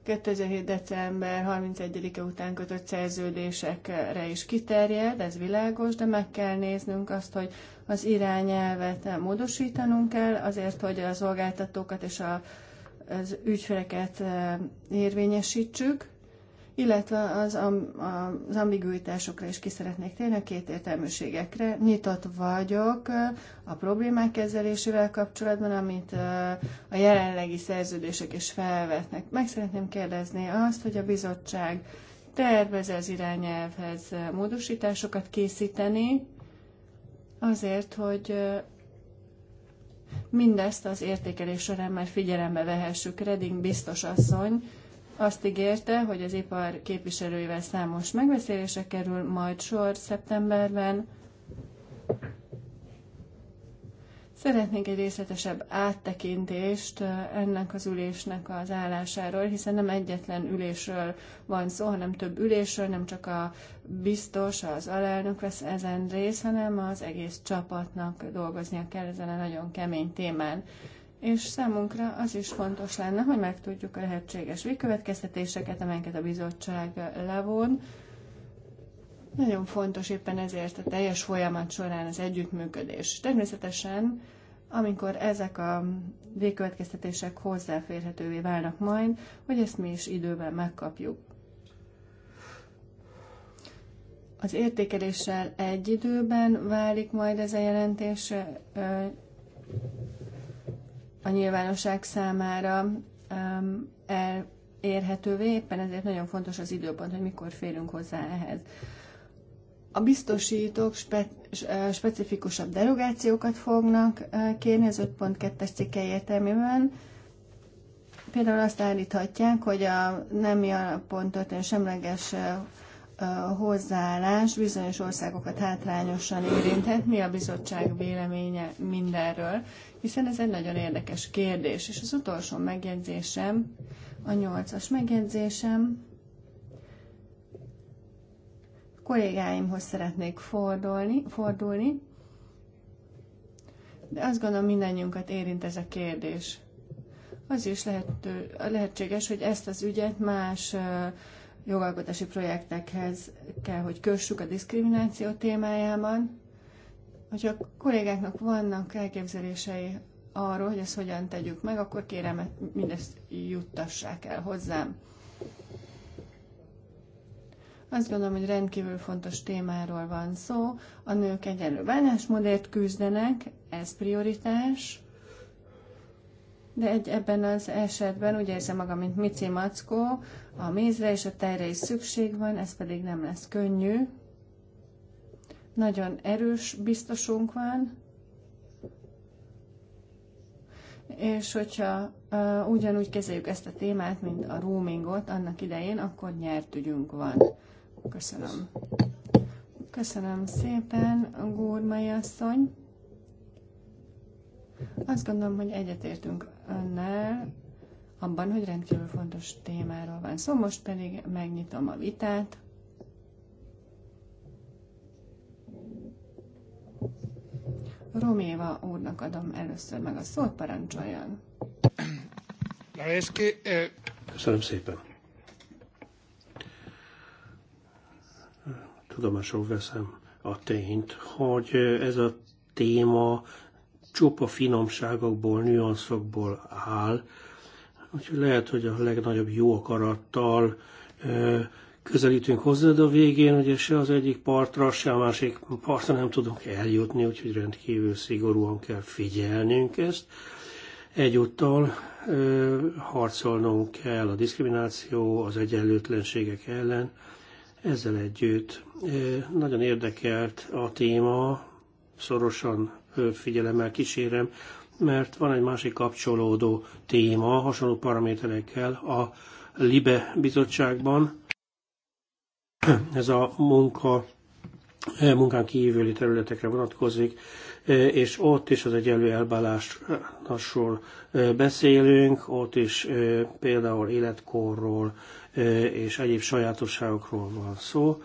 2007. december 31-e után kötött szerződésekre is kiterjed, ez világos, de meg kell néznünk azt, hogy az irányelvet módosítanunk kell, azért, hogy a szolgáltatókat és a, az ügyfeleket eh, érvényesítsük illetve az, az ambiguitásokra is ki szeretnék térni, a kétértelműségekre. Nyitott vagyok a problémák kezelésével kapcsolatban, amit a jelenlegi szerződések is felvetnek. Meg szeretném kérdezni azt, hogy a bizottság tervez az irányelvhez módosításokat készíteni, azért, hogy mindezt az értékelés során már figyelembe vehessük. Reding biztos asszony, azt ígérte, hogy az ipar képviselőivel számos megbeszélése kerül majd sor szeptemberben. Szeretnénk egy részletesebb áttekintést ennek az ülésnek az állásáról, hiszen nem egyetlen ülésről van szó, hanem több ülésről, nem csak a biztos, az alelnök vesz ezen részt, hanem az egész csapatnak dolgoznia kell ezen a nagyon kemény témán és számunkra az is fontos lenne, hogy megtudjuk a lehetséges végkövetkeztetéseket, amelyeket a bizottság levon. Nagyon fontos éppen ezért a teljes folyamat során az együttműködés. Természetesen, amikor ezek a végkövetkeztetések hozzáférhetővé válnak majd, hogy ezt mi is időben megkapjuk. Az értékeléssel egy időben válik majd ez a jelentés a nyilvánosság számára um, elérhetővé, éppen ezért nagyon fontos az időpont, hogy mikor férünk hozzá ehhez. A biztosítók spe, specifikusabb derogációkat fognak kérni az 5.2-es cikke értelmében. Például azt állíthatják, hogy a nemi alapon történő semleges hozzáállás bizonyos országokat hátrányosan érinthet. Mi a bizottság véleménye mindenről? Hiszen ez egy nagyon érdekes kérdés. És az utolsó megjegyzésem, a nyolcas megjegyzésem, kollégáimhoz szeretnék fordulni, fordulni, de azt gondolom mindannyiunkat érint ez a kérdés. Az is lehető, lehetséges, hogy ezt az ügyet más uh, jogalkotási projektekhez kell, hogy kössük a diszkrimináció témájában. Hogyha a kollégáknak vannak elképzelései arról, hogy ezt hogyan tegyük meg, akkor kérem, mindezt juttassák el hozzám. Azt gondolom, hogy rendkívül fontos témáról van szó. A nők egyenlő bánásmódért küzdenek, ez prioritás de egy, ebben az esetben úgy érzem magam, mint Mici Mackó, a mézre és a tejre is szükség van, ez pedig nem lesz könnyű. Nagyon erős biztosunk van, és hogyha uh, ugyanúgy kezeljük ezt a témát, mint a roamingot annak idején, akkor nyert ügyünk van. Köszönöm. Köszönöm szépen, Gúrmai asszony. Azt gondolom, hogy egyetértünk önnel abban, hogy rendkívül fontos témáról van szó. Szóval most pedig megnyitom a vitát. Roméva úrnak adom először meg a szót, parancsoljon. Köszönöm szépen. Tudomásul veszem a tényt, hogy ez a téma csupa finomságokból, nüanszokból áll, úgyhogy lehet, hogy a legnagyobb jó akarattal közelítünk hozzá, de a végén ugye se az egyik partra, se a másik partra nem tudunk eljutni, úgyhogy rendkívül szigorúan kell figyelnünk ezt. Egyúttal ö, harcolnunk kell a diszkrimináció, az egyenlőtlenségek ellen. Ezzel együtt ö, nagyon érdekelt a téma, szorosan figyelemmel kísérem, mert van egy másik kapcsolódó téma hasonló paraméterekkel a LIBE bizottságban. Ez a munka eh, munkán kívüli területekre vonatkozik, eh, és ott is az egyenlő elbálásról eh, beszélünk, ott is például életkorról és egyéb sajátosságokról van szó.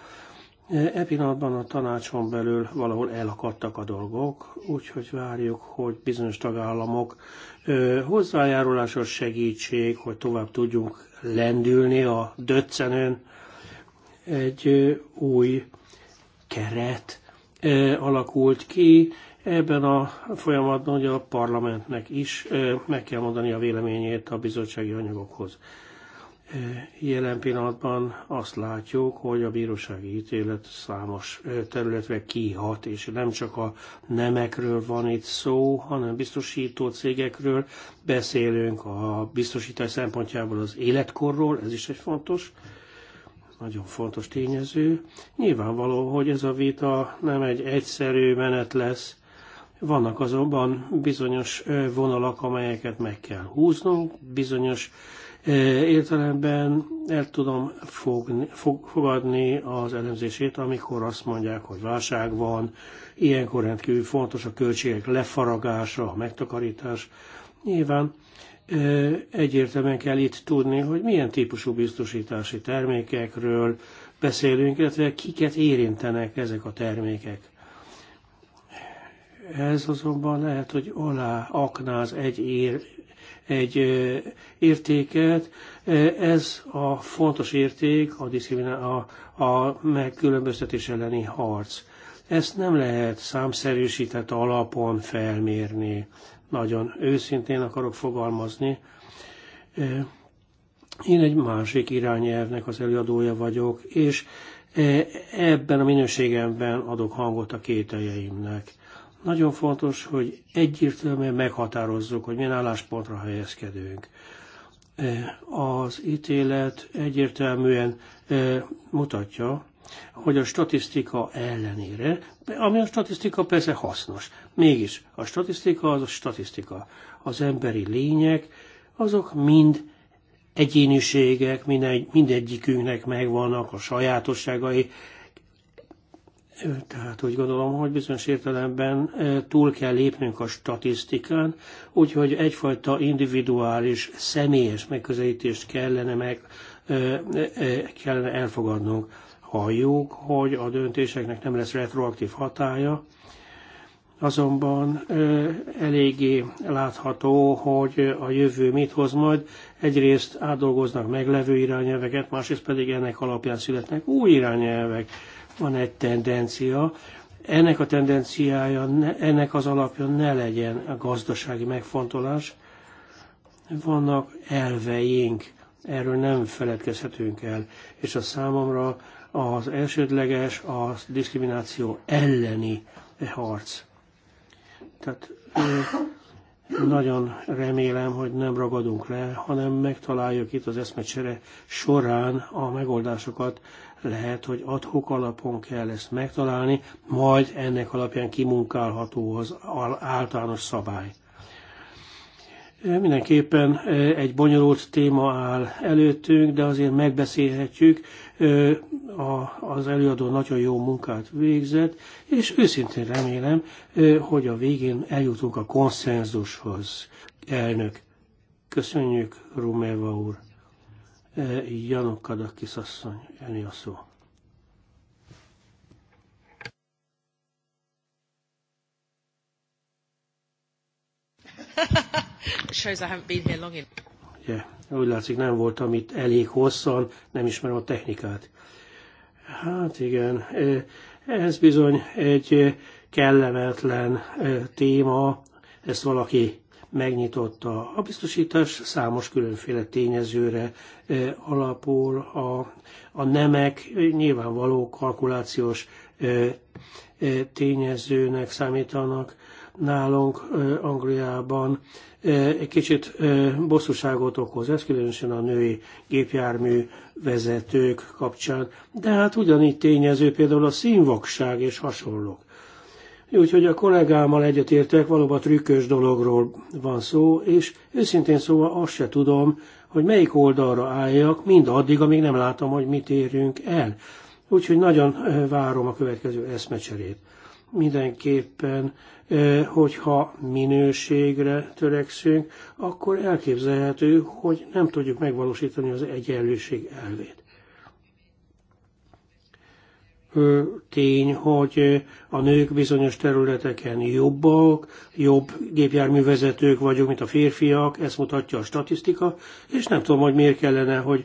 E, e pillanatban a tanácson belül valahol elakadtak a dolgok, úgyhogy várjuk, hogy bizonyos tagállamok e, hozzájárulásos segítség, hogy tovább tudjunk lendülni a döccenőn. Egy e, új keret alakult ki, ebben a folyamatban hogy a parlamentnek is meg kell mondani a véleményét a bizottsági anyagokhoz. Jelen pillanatban azt látjuk, hogy a bírósági ítélet számos területre kihat, és nem csak a nemekről van itt szó, hanem biztosító cégekről. Beszélünk a biztosítás szempontjából az életkorról, ez is egy fontos nagyon fontos tényező. Nyilvánvaló, hogy ez a vita nem egy egyszerű menet lesz. Vannak azonban bizonyos vonalak, amelyeket meg kell húznunk, bizonyos értelemben el tudom fogni, fog, fogadni az elemzését, amikor azt mondják, hogy válság van, ilyenkor rendkívül fontos a költségek lefaragása, a megtakarítás. Nyilván egyértelműen kell itt tudni, hogy milyen típusú biztosítási termékekről beszélünk, illetve kiket érintenek ezek a termékek. Ez azonban lehet, hogy alá aknáz egy ér, egy értéket. Ez a fontos érték a, a, a megkülönböztetés elleni harc. Ezt nem lehet számszerűsített alapon felmérni. Nagyon őszintén akarok fogalmazni. Én egy másik irányelvnek az előadója vagyok, és ebben a minőségemben adok hangot a kételjeimnek. Nagyon fontos, hogy egyértelműen meghatározzuk, hogy milyen álláspontra helyezkedünk. E, az ítélet egyértelműen e, mutatja, hogy a statisztika ellenére, ami a statisztika persze hasznos, mégis a statisztika az a statisztika. Az emberi lények, azok mind egyéniségek, mindegy, mindegyikünknek megvannak a sajátosságai, tehát úgy gondolom, hogy bizonyos értelemben e, túl kell lépnünk a statisztikán, úgyhogy egyfajta individuális, személyes megközelítést kellene, meg, e, e, kellene elfogadnunk. Halljuk, hogy a döntéseknek nem lesz retroaktív hatája, azonban eléggé látható, hogy a jövő mit hoz majd. Egyrészt átdolgoznak meglevő irányelveket, másrészt pedig ennek alapján születnek új irányelvek van egy tendencia, ennek a tendenciája, ennek az alapja ne legyen a gazdasági megfontolás. Vannak elveink, erről nem feledkezhetünk el, és a számomra az elsődleges a diszkrimináció elleni harc. Tehát nagyon remélem, hogy nem ragadunk le, hanem megtaláljuk itt az eszmecsere során a megoldásokat lehet, hogy adhok alapon kell ezt megtalálni, majd ennek alapján kimunkálható az általános szabály. Mindenképpen egy bonyolult téma áll előttünk, de azért megbeszélhetjük. Az előadó nagyon jó munkát végzett, és őszintén remélem, hogy a végén eljutunk a konszenzushoz. Elnök, köszönjük, Rumeva úr! E, Janok Kadakis asszony, jönni a szó. Shows I haven't been here long enough. Yeah, úgy látszik nem voltam itt elég hosszan, nem ismerem a technikát. Hát igen, e, ez bizony egy e, kellemetlen téma, ezt valaki megnyitotta. A biztosítás számos különféle tényezőre eh, alapul, a, a nemek nyilvánvaló kalkulációs eh, eh, tényezőnek számítanak. Nálunk Angliában egy kicsit bosszúságot okoz ez, különösen a női gépjármű vezetők kapcsán, de hát ugyanígy tényező például a színvakság és hasonlók. Úgyhogy a kollégámmal egyetértek, valóban trükkös dologról van szó, és őszintén szóval azt se tudom, hogy melyik oldalra álljak, mind addig, amíg nem látom, hogy mit érünk el. Úgyhogy nagyon várom a következő eszmecserét. Mindenképpen, hogyha minőségre törekszünk, akkor elképzelhető, hogy nem tudjuk megvalósítani az egyenlőség elvét tény, hogy a nők bizonyos területeken jobbak, jobb gépjárművezetők vagyunk, mint a férfiak, ezt mutatja a statisztika, és nem tudom, hogy miért kellene, hogy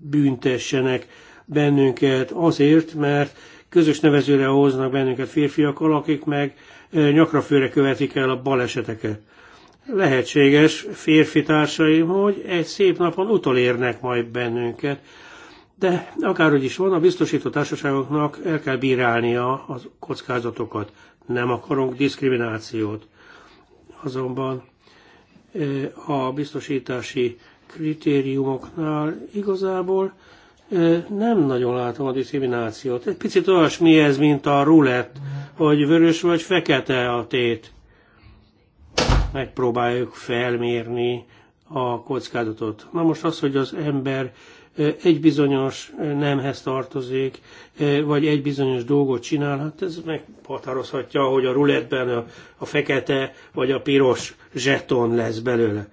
büntessenek bennünket azért, mert közös nevezőre hoznak bennünket férfiakkal, akik meg nyakrafőre követik el a baleseteket. Lehetséges férfi társaim, hogy egy szép napon utolérnek majd bennünket, de akárhogy is van, a biztosító társaságoknak el kell bírálnia a kockázatokat. Nem akarunk diszkriminációt. Azonban a biztosítási kritériumoknál igazából nem nagyon látom a diszkriminációt. Egy picit olyasmi ez, mint a rulett, hogy vörös vagy fekete a tét. Megpróbáljuk felmérni a kockázatot. Na most az, hogy az ember egy bizonyos nemhez tartozik, e, vagy egy bizonyos dolgot csinál, hát ez meghatározhatja, hogy a ruletben a, a fekete vagy a piros zseton lesz belőle.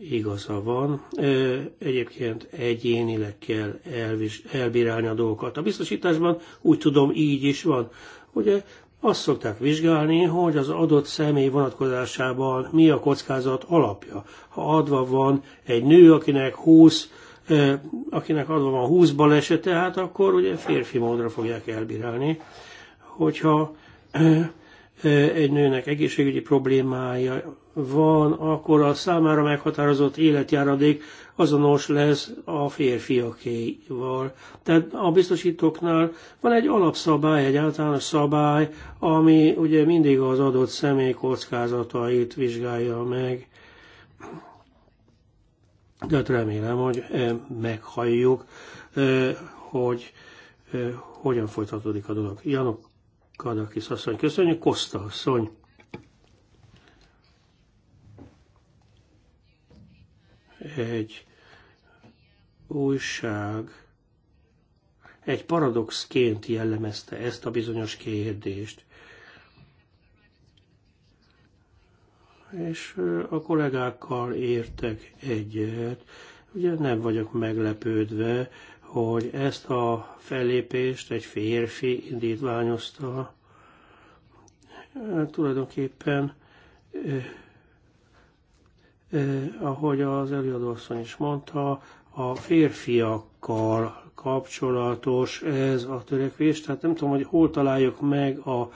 Igaza van. E, egyébként egyénileg kell elvis, elbírálni a dolgokat. A biztosításban úgy tudom, így is van. Ugye azt szokták vizsgálni, hogy az adott személy vonatkozásában mi a kockázat alapja. Ha adva van egy nő, akinek 20, akinek adva van 20 balesete, hát akkor ugye férfi módra fogják elbírálni. Hogyha egy nőnek egészségügyi problémája van, akkor a számára meghatározott életjáradék azonos lesz a férfiakéval. Tehát a biztosítóknál van egy alapszabály, egy általános szabály, ami ugye mindig az adott személy kockázatait vizsgálja meg. De hát remélem, hogy meghalljuk, hogy hogyan folytatódik a dolog. Janok Kadakis asszony, köszönjük. Kosta asszony. Egy újság egy paradoxként jellemezte ezt a bizonyos kérdést. És a kollégákkal értek egyet. Ugye nem vagyok meglepődve, hogy ezt a fellépést egy férfi indítványozta. Tulajdonképpen eh, ahogy az előadóasszony is mondta, a férfiakkal kapcsolatos ez a törekvés, tehát nem tudom, hogy hol találjuk meg a,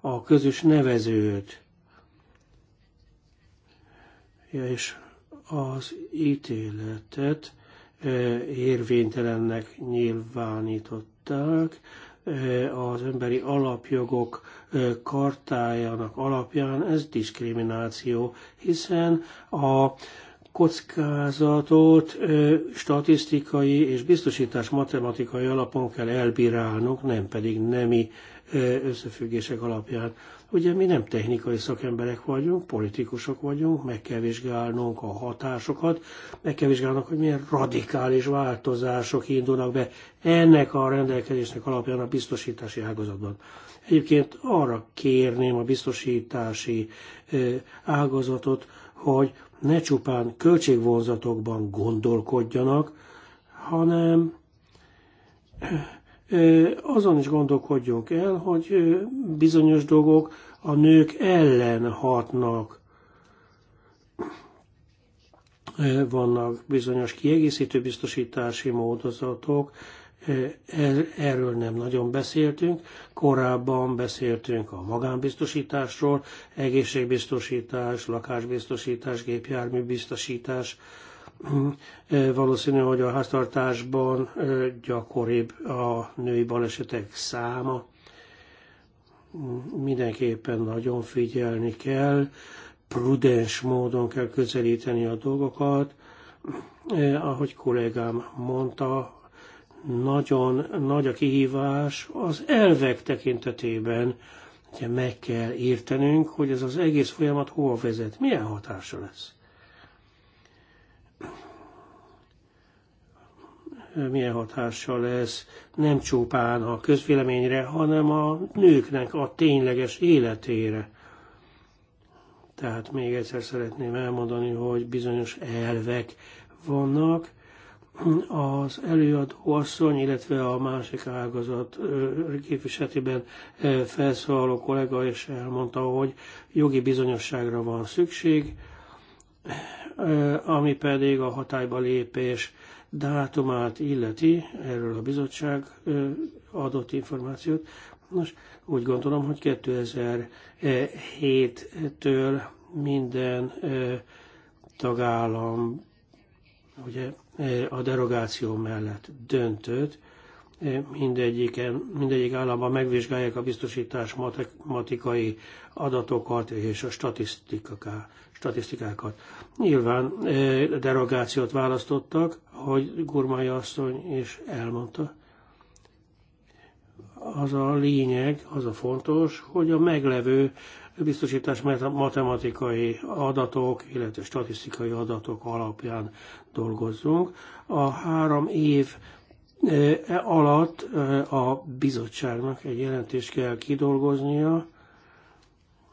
a közös nevezőt. Ja, és az ítéletet érvénytelennek nyilvánították az emberi alapjogok kartájának alapján ez diszkrimináció, hiszen a kockázatot statisztikai és biztosítás matematikai alapon kell elbírálnunk, nem pedig nemi összefüggések alapján. Ugye mi nem technikai szakemberek vagyunk, politikusok vagyunk, meg kell vizsgálnunk a hatásokat, meg kell vizsgálnunk, hogy milyen radikális változások indulnak be ennek a rendelkezésnek alapján a biztosítási ágazatban. Egyébként arra kérném a biztosítási ágazatot, hogy ne csupán költségvonzatokban gondolkodjanak, hanem azon is gondolkodjunk el, hogy bizonyos dolgok a nők ellen hatnak. Vannak bizonyos kiegészítő biztosítási módozatok, er, erről nem nagyon beszéltünk. Korábban beszéltünk a magánbiztosításról, egészségbiztosítás, lakásbiztosítás, gépjárműbiztosítás, Valószínű, hogy a háztartásban gyakoribb a női balesetek száma. Mindenképpen nagyon figyelni kell, prudens módon kell közelíteni a dolgokat. Ahogy kollégám mondta, nagyon nagy a kihívás az elvek tekintetében. Ugye meg kell értenünk, hogy ez az egész folyamat hova vezet, milyen hatása lesz. milyen hatással lesz nem csupán a közvéleményre, hanem a nőknek a tényleges életére. Tehát még egyszer szeretném elmondani, hogy bizonyos elvek vannak. Az előadó asszony, illetve a másik ágazat képviseletében felszólaló kollega is elmondta, hogy jogi bizonyosságra van szükség, ami pedig a hatályba lépés dátumát illeti, erről a bizottság adott információt. Nos, úgy gondolom, hogy 2007-től minden tagállam ugye, a derogáció mellett döntött, mindegyiken, mindegyik államban megvizsgálják a biztosítás matematikai adatokat és a statisztikákat. Nyilván e, derogációt választottak, hogy Gurmai asszony is elmondta. Az a lényeg, az a fontos, hogy a meglevő biztosítás matematikai adatok, illetve statisztikai adatok alapján dolgozzunk. A három év E alatt e, a bizottságnak egy jelentést kell kidolgoznia,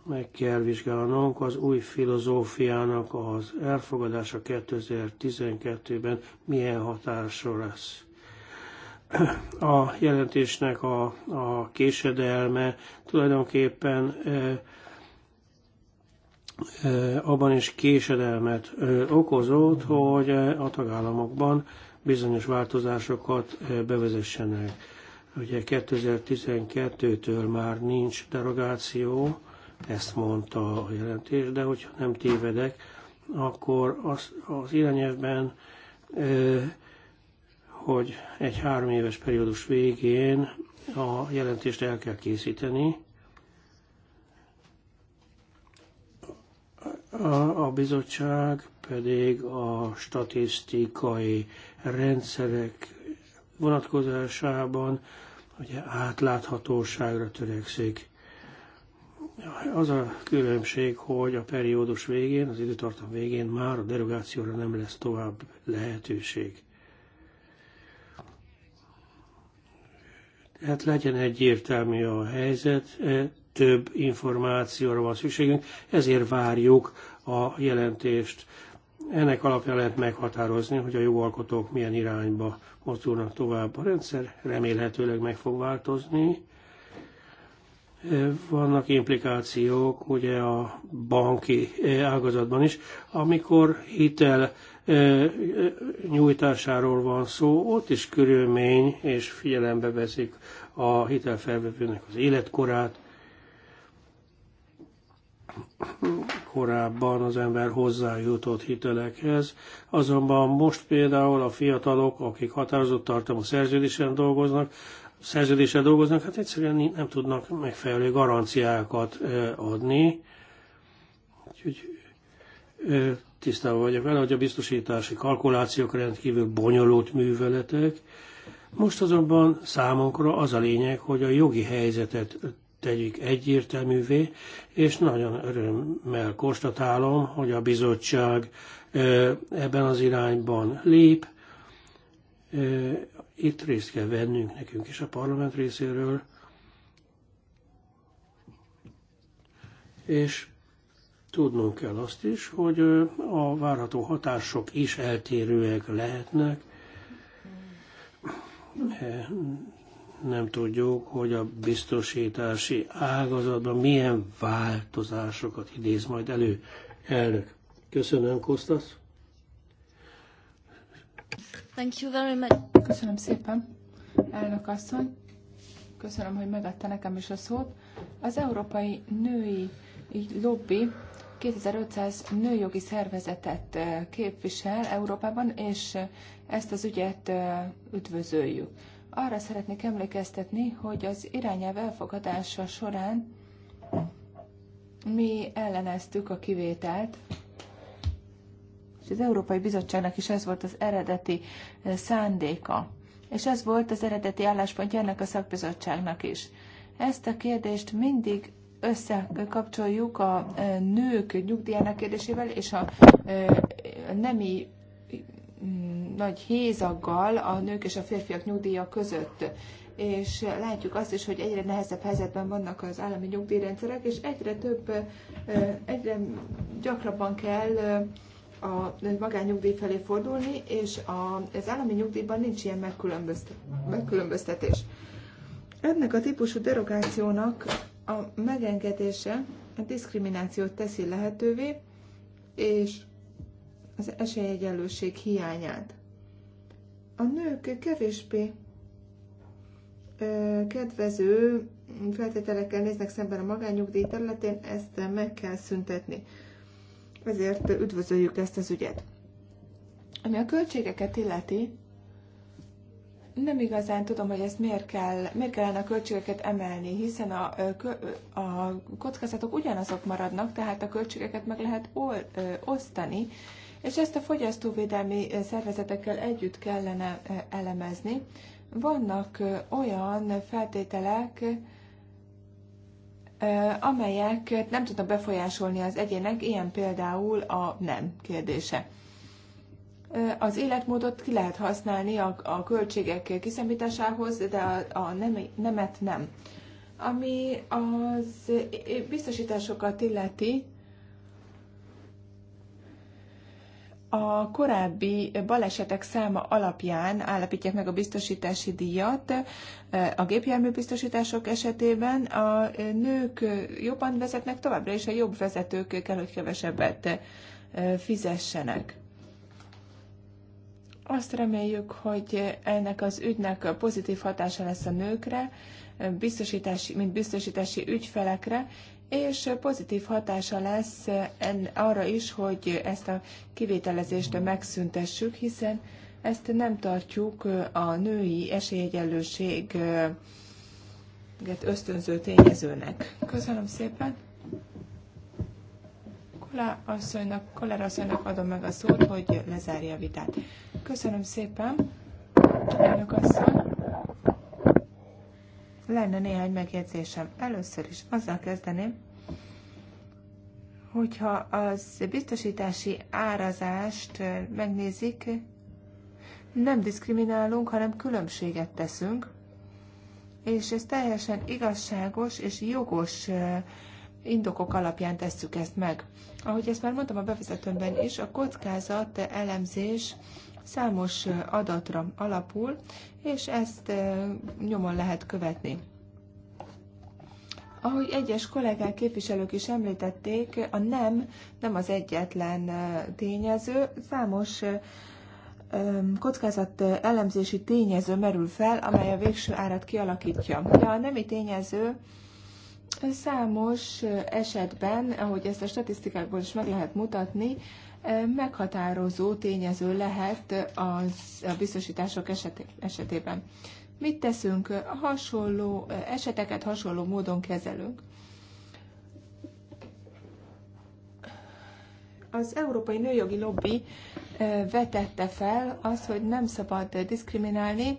meg kell vizsgálnunk az új filozófiának az elfogadása 2012-ben milyen hatásra lesz. A jelentésnek a, a késedelme tulajdonképpen e, e, abban is késedelmet e, okozott, hogy e, a tagállamokban e, bizonyos változásokat eh, bevezessenek. Ugye 2012-től már nincs derogáció, ezt mondta a jelentés, de hogyha nem tévedek, akkor az, az irányelvben, eh, hogy egy három éves periódus végén a jelentést el kell készíteni, a, a bizottság pedig a statisztikai rendszerek vonatkozásában ugye átláthatóságra törekszik. Az a különbség, hogy a periódus végén, az időtartam végén már a derogációra nem lesz tovább lehetőség. Tehát legyen egyértelmű a helyzet, e, több információra van szükségünk, ezért várjuk a jelentést ennek alapja lehet meghatározni, hogy a jogalkotók milyen irányba mozdulnak tovább. A rendszer remélhetőleg meg fog változni. Vannak implikációk ugye a banki eh, ágazatban is, amikor hitel eh, nyújtásáról van szó, ott is körülmény, és figyelembe veszik a hitelfelvevőnek az életkorát, korábban az ember hozzájutott hitelekhez, azonban most például a fiatalok, akik határozott a szerződésen dolgoznak, szerződésen dolgoznak, hát egyszerűen nem tudnak megfelelő garanciákat adni. Úgyhogy tisztában vagyok vele, hogy a biztosítási kalkulációk rendkívül bonyolult műveletek. Most azonban számunkra az a lényeg, hogy a jogi helyzetet tegyük egyértelművé, és nagyon örömmel konstatálom, hogy a bizottság ebben az irányban lép. Itt részt kell vennünk nekünk is a parlament részéről, és tudnunk kell azt is, hogy a várható hatások is eltérőek lehetnek nem tudjuk, hogy a biztosítási ágazatban milyen változásokat idéz majd elő. Elnök. Köszönöm, Kostas. Thank you very much. Köszönöm szépen, elnök asszony. Köszönöm, hogy megadta nekem is a szót. Az Európai Női Lobby 2500 nőjogi szervezetet eh, képvisel Európában, és eh, ezt az ügyet eh, üdvözöljük. Arra szeretnék emlékeztetni, hogy az irányelv elfogadása során mi elleneztük a kivételt, és az Európai Bizottságnak is ez volt az eredeti eh, szándéka, és ez volt az eredeti álláspontja ennek a szakbizottságnak is. Ezt a kérdést mindig összekapcsoljuk a eh, nők nyugdíjának kérdésével és a eh, nemi nagy hézaggal a nők és a férfiak nyugdíja között. És látjuk azt is, hogy egyre nehezebb helyzetben vannak az állami nyugdíjrendszerek, és egyre több, egyre gyakrabban kell a magánnyugdíj felé fordulni, és az állami nyugdíjban nincs ilyen megkülönböztetés. Ennek a típusú derogációnak a megengedése a diszkriminációt teszi lehetővé, és az esélyegyenlőség hiányát. A nők kevésbé kedvező feltételekkel néznek szemben a magányugdíj területén, ezt meg kell szüntetni. Ezért üdvözöljük ezt az ügyet. Ami a költségeket illeti, nem igazán tudom, hogy ezt miért, kell, miért kellene a költségeket emelni, hiszen a, a kockázatok ugyanazok maradnak, tehát a költségeket meg lehet osztani, és ezt a fogyasztóvédelmi szervezetekkel együtt kellene elemezni. Vannak olyan feltételek, amelyeket nem tudnak befolyásolni az egyének, ilyen például a nem kérdése. Az életmódot ki lehet használni a, a költségek kiszámításához, de a, a nem, nemet nem. Ami az biztosításokat illeti, a korábbi balesetek száma alapján állapítják meg a biztosítási díjat eh, a gépjárműbiztosítások esetében. A nők jobban vezetnek továbbra, és a jobb vezetők kell, hogy kevesebbet eh, fizessenek. Azt reméljük, hogy ennek az ügynek pozitív hatása lesz a nőkre, eh, biztosítási, mint biztosítási ügyfelekre, és pozitív hatása lesz arra is, hogy ezt a kivételezést megszüntessük, hiszen ezt nem tartjuk a női esélyegyenlőség ösztönző tényezőnek. Köszönöm szépen! Kolá asszonynak, Kolár asszonynak adom meg a szót, hogy lezárja a vitát. Köszönöm szépen, elnök asszony! Lenne néhány megjegyzésem. Először is azzal kezdeném, hogyha az biztosítási árazást megnézik, nem diszkriminálunk, hanem különbséget teszünk, és ez teljesen igazságos és jogos indokok alapján tesszük ezt meg. Ahogy ezt már mondtam a bevezetőmben is, a kockázat elemzés számos adatra alapul, és ezt nyomon lehet követni. Ahogy egyes kollégák, képviselők is említették, a nem nem az egyetlen tényező, számos kockázat elemzési tényező merül fel, amely a végső árat kialakítja. De a nemi tényező számos esetben, ahogy ezt a statisztikákból is meg lehet mutatni, meghatározó tényező lehet az, a biztosítások esetében. Mit teszünk? Hasonló eseteket hasonló módon kezelünk. Az Európai Nőjogi Lobby vetette fel azt, hogy nem szabad diszkriminálni,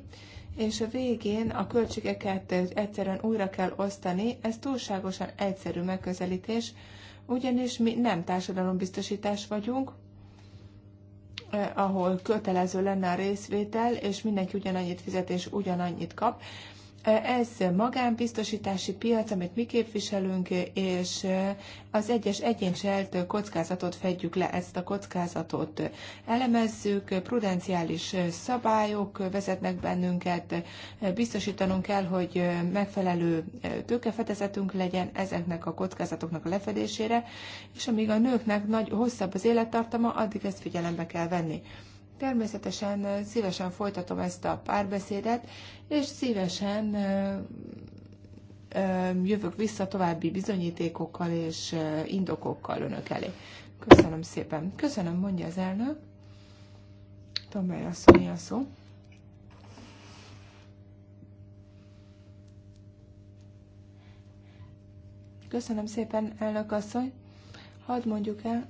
és a végén a költségeket egyszerűen újra kell osztani. Ez túlságosan egyszerű megközelítés ugyanis mi nem társadalombiztosítás vagyunk, eh, ahol kötelező lenne a részvétel, és mindenki ugyanannyit fizet és ugyanannyit kap. Ez magánbiztosítási piac, amit mi képviselünk, és az egyes egyéncselt kockázatot fedjük le, ezt a kockázatot elemezzük, prudenciális szabályok vezetnek bennünket, biztosítanunk kell, hogy megfelelő tőkefedezetünk legyen ezeknek a kockázatoknak a lefedésére, és amíg a nőknek nagy, hosszabb az élettartama, addig ezt figyelembe kell venni. Természetesen szívesen folytatom ezt a párbeszédet, és szívesen jövök vissza további bizonyítékokkal és indokokkal önök elé. Köszönöm szépen. Köszönöm, mondja az elnök. Tombály asszony a szó. Köszönöm szépen, elnök asszony. Hadd mondjuk el,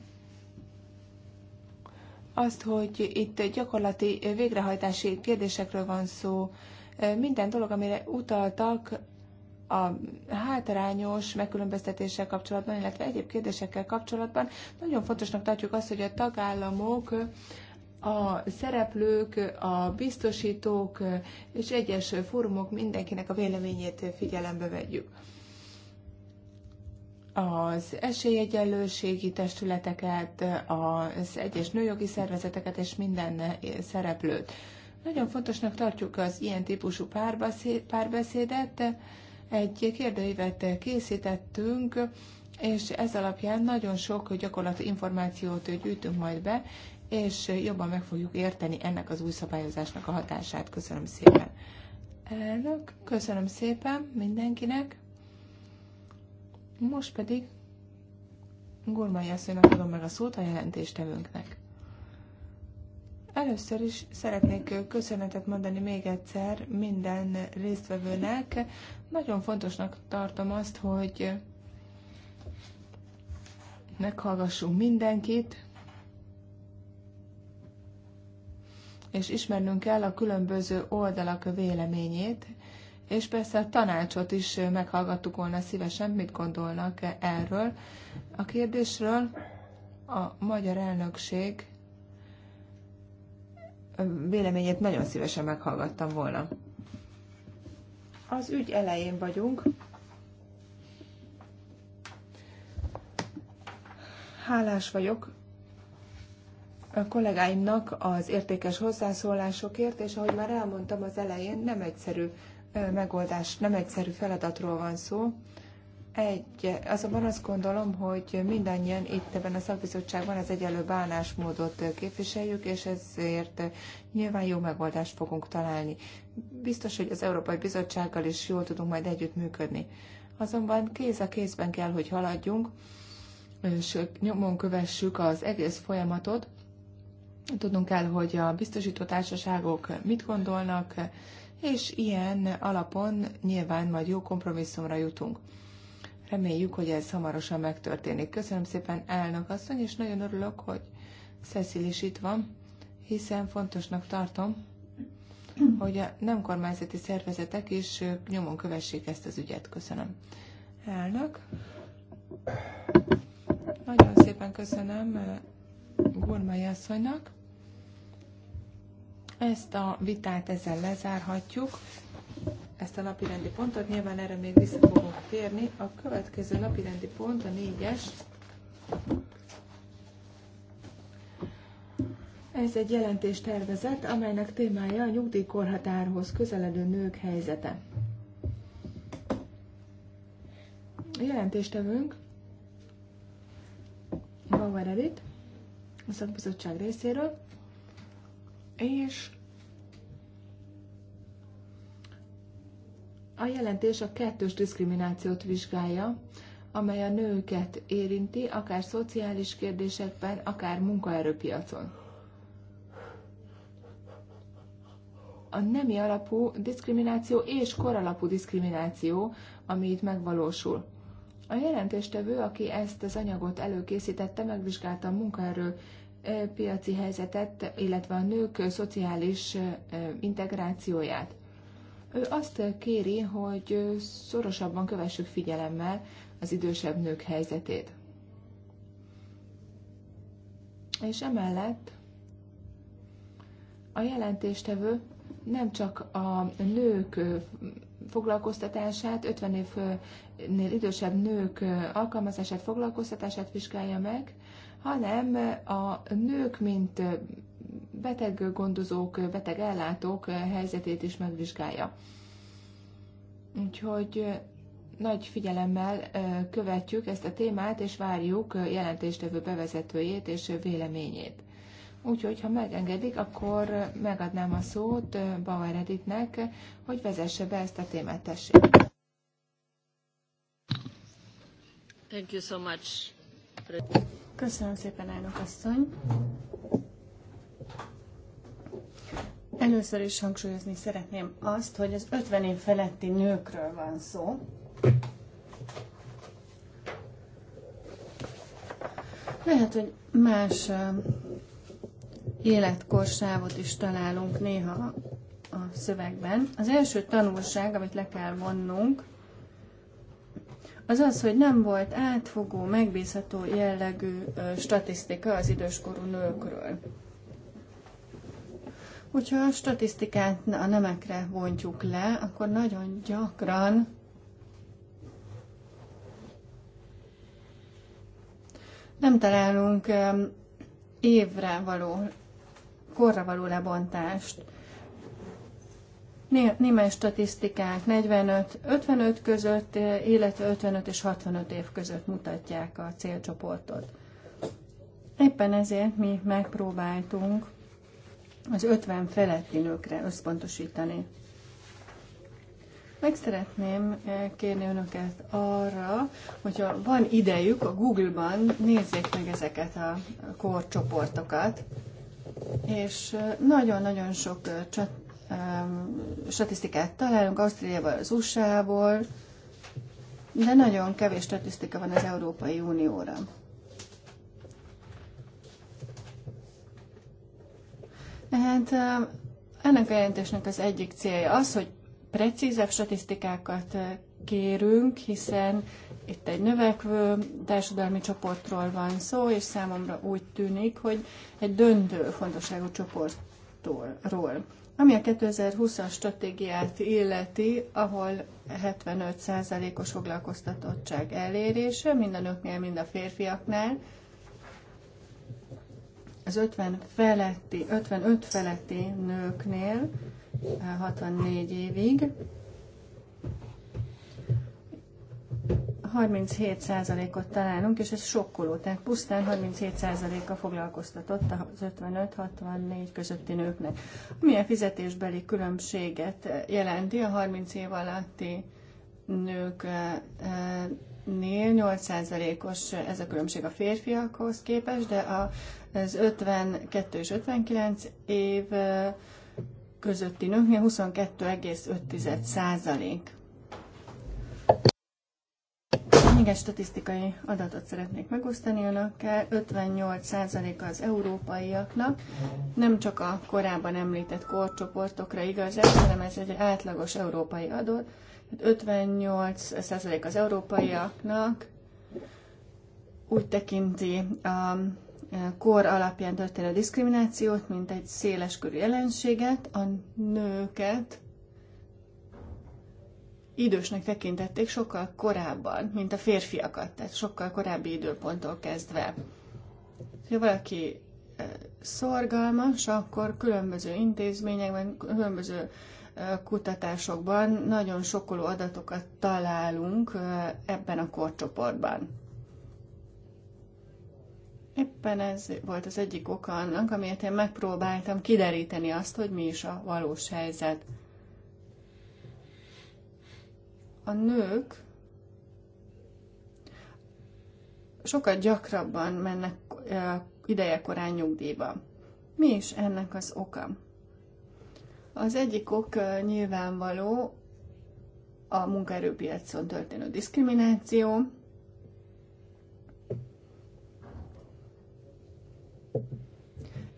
azt, hogy itt gyakorlati végrehajtási kérdésekről van szó. Minden dolog, amire utaltak a hátrányos megkülönböztetéssel kapcsolatban, illetve egyéb kérdésekkel kapcsolatban, nagyon fontosnak tartjuk azt, hogy a tagállamok a szereplők, a biztosítók és egyes fórumok mindenkinek a véleményét figyelembe vegyük az esélyegyenlőségi testületeket, az egyes nőjogi szervezeteket és minden szereplőt. Nagyon fontosnak tartjuk az ilyen típusú párbeszédet. Egy kérdőívet készítettünk, és ez alapján nagyon sok gyakorlati információt gyűjtünk majd be, és jobban meg fogjuk érteni ennek az új szabályozásnak a hatását. Köszönöm szépen. Elnök, köszönöm szépen mindenkinek. Most pedig Gormai asszonynak adom meg a szót a jelentéstevőnknek. Először is szeretnék köszönetet mondani még egyszer minden résztvevőnek. Nagyon fontosnak tartom azt, hogy meghallgassunk mindenkit, és ismernünk kell a különböző oldalak véleményét, és persze a tanácsot is meghallgattuk volna szívesen, mit gondolnak erről. A kérdésről a magyar elnökség véleményét nagyon szívesen meghallgattam volna. Az ügy elején vagyunk. Hálás vagyok a kollégáimnak az értékes hozzászólásokért, és ahogy már elmondtam az elején, nem egyszerű megoldás, nem egyszerű feladatról van szó. Egy, azonban azt gondolom, hogy mindannyian itt ebben a szakbizottságban az egyenlő bánásmódot képviseljük, és ezért nyilván jó megoldást fogunk találni. Biztos, hogy az Európai Bizottsággal is jól tudunk majd együttműködni. Azonban kéz a kézben kell, hogy haladjunk, és nyomon kövessük az egész folyamatot. Tudnunk kell, hogy a biztosító társaságok mit gondolnak, és ilyen alapon nyilván majd jó kompromisszumra jutunk. Reméljük, hogy ez hamarosan megtörténik. Köszönöm szépen, elnök asszony, és nagyon örülök, hogy Cecil is itt van, hiszen fontosnak tartom, hogy a nem kormányzati szervezetek is nyomon kövessék ezt az ügyet. Köszönöm. Elnök. Nagyon szépen köszönöm eh, Gurmai asszonynak. Ezt a vitát ezzel lezárhatjuk, ezt a napirendi pontot, nyilván erre még vissza fogunk térni. A következő napirendi pont a négyes. Ez egy jelentés tervezet, amelynek témája a nyugdíjkorhatárhoz közeledő nők helyzete. A jelentéstevőnk Bauer Edith, a szakbizottság részéről. És a jelentés a kettős diszkriminációt vizsgálja, amely a nőket érinti, akár szociális kérdésekben, akár munkaerőpiacon. A nemi alapú diszkrimináció és koralapú diszkrimináció, ami itt megvalósul. A jelentéstevő, aki ezt az anyagot előkészítette, megvizsgálta a munkaerő piaci helyzetet, illetve a nők szociális integrációját. Ő azt kéri, hogy szorosabban kövessük figyelemmel az idősebb nők helyzetét. És emellett a jelentéstevő nem csak a nők foglalkoztatását, 50 évnél idősebb nők alkalmazását, foglalkoztatását vizsgálja meg, hanem a nők, mint beteg gondozók, beteg ellátók helyzetét is megvizsgálja. Úgyhogy nagy figyelemmel követjük ezt a témát, és várjuk jelentéstevő bevezetőjét és véleményét. Úgyhogy, ha megengedik, akkor megadnám a szót Bauer Editnek, hogy vezesse be ezt a témát, tessék. Thank you so much. Köszönöm szépen, elnök asszony. Először is hangsúlyozni szeretném azt, hogy az 50 év feletti nőkről van szó. Lehet, hogy más életkorsávot is találunk néha a szövegben. Az első tanulság, amit le kell vonnunk, az az, hogy nem volt átfogó, megbízható jellegű statisztika az időskorú nőkről. Hogyha a statisztikát a nemekre vontjuk le, akkor nagyon gyakran nem találunk évre való, korra való lebontást. Némely statisztikák 45-55 között, eh, illetve 55 és 65 év között mutatják a célcsoportot. Éppen ezért mi megpróbáltunk az 50 feletti nőkre összpontosítani. Meg szeretném eh, kérni önöket arra, hogyha van idejük a Google-ban, nézzék meg ezeket a korcsoportokat, és eh, nagyon-nagyon sok statisztikát találunk Ausztriából, az USA-ból, de nagyon kevés statisztika van az Európai Unióra. Hát ennek a jelentésnek az egyik célja az, hogy precízebb statisztikákat eh, kérünk, hiszen itt egy növekvő társadalmi csoportról van szó, és számomra úgy tűnik, hogy egy döntő fontosságú csoportról. Ami a 2020-as stratégiát illeti, ahol 75%-os foglalkoztatottság elérése, mind a nőknél, mind a férfiaknál, az 50 feletti, 55 feletti nőknél 64 eh, évig, 37%-ot találunk, és ez sokkoló. Tehát pusztán 37%-a foglalkoztatott az 55-64 közötti nőknek. Ami a fizetésbeli különbséget jelenti a 30 év alatti nőknél 8%-os ez a különbség a férfiakhoz képest, de az 52 és 59 év közötti nőknél 22,5 százalék. Még egy statisztikai adatot szeretnék megosztani önökkel. 58%-a az európaiaknak nem csak a korábban említett korcsoportokra igaz hanem ez egy átlagos európai adat. 58% az európaiaknak úgy tekinti a kor alapján történő diszkriminációt, mint egy széleskörű jelenséget, a nőket idősnek tekintették sokkal korábban, mint a férfiakat, tehát sokkal korábbi időponttól kezdve. Ha valaki szorgalmas, akkor különböző intézményekben, különböző kutatásokban nagyon sokkoló adatokat találunk ebben a korcsoportban. Éppen ez volt az egyik oka annak, amiért én megpróbáltam kideríteni azt, hogy mi is a valós helyzet. a nők sokkal gyakrabban mennek idejekorán nyugdíjba. Mi is ennek az oka? Az egyik ok nyilvánvaló a munkaerőpiacon történő diszkrimináció,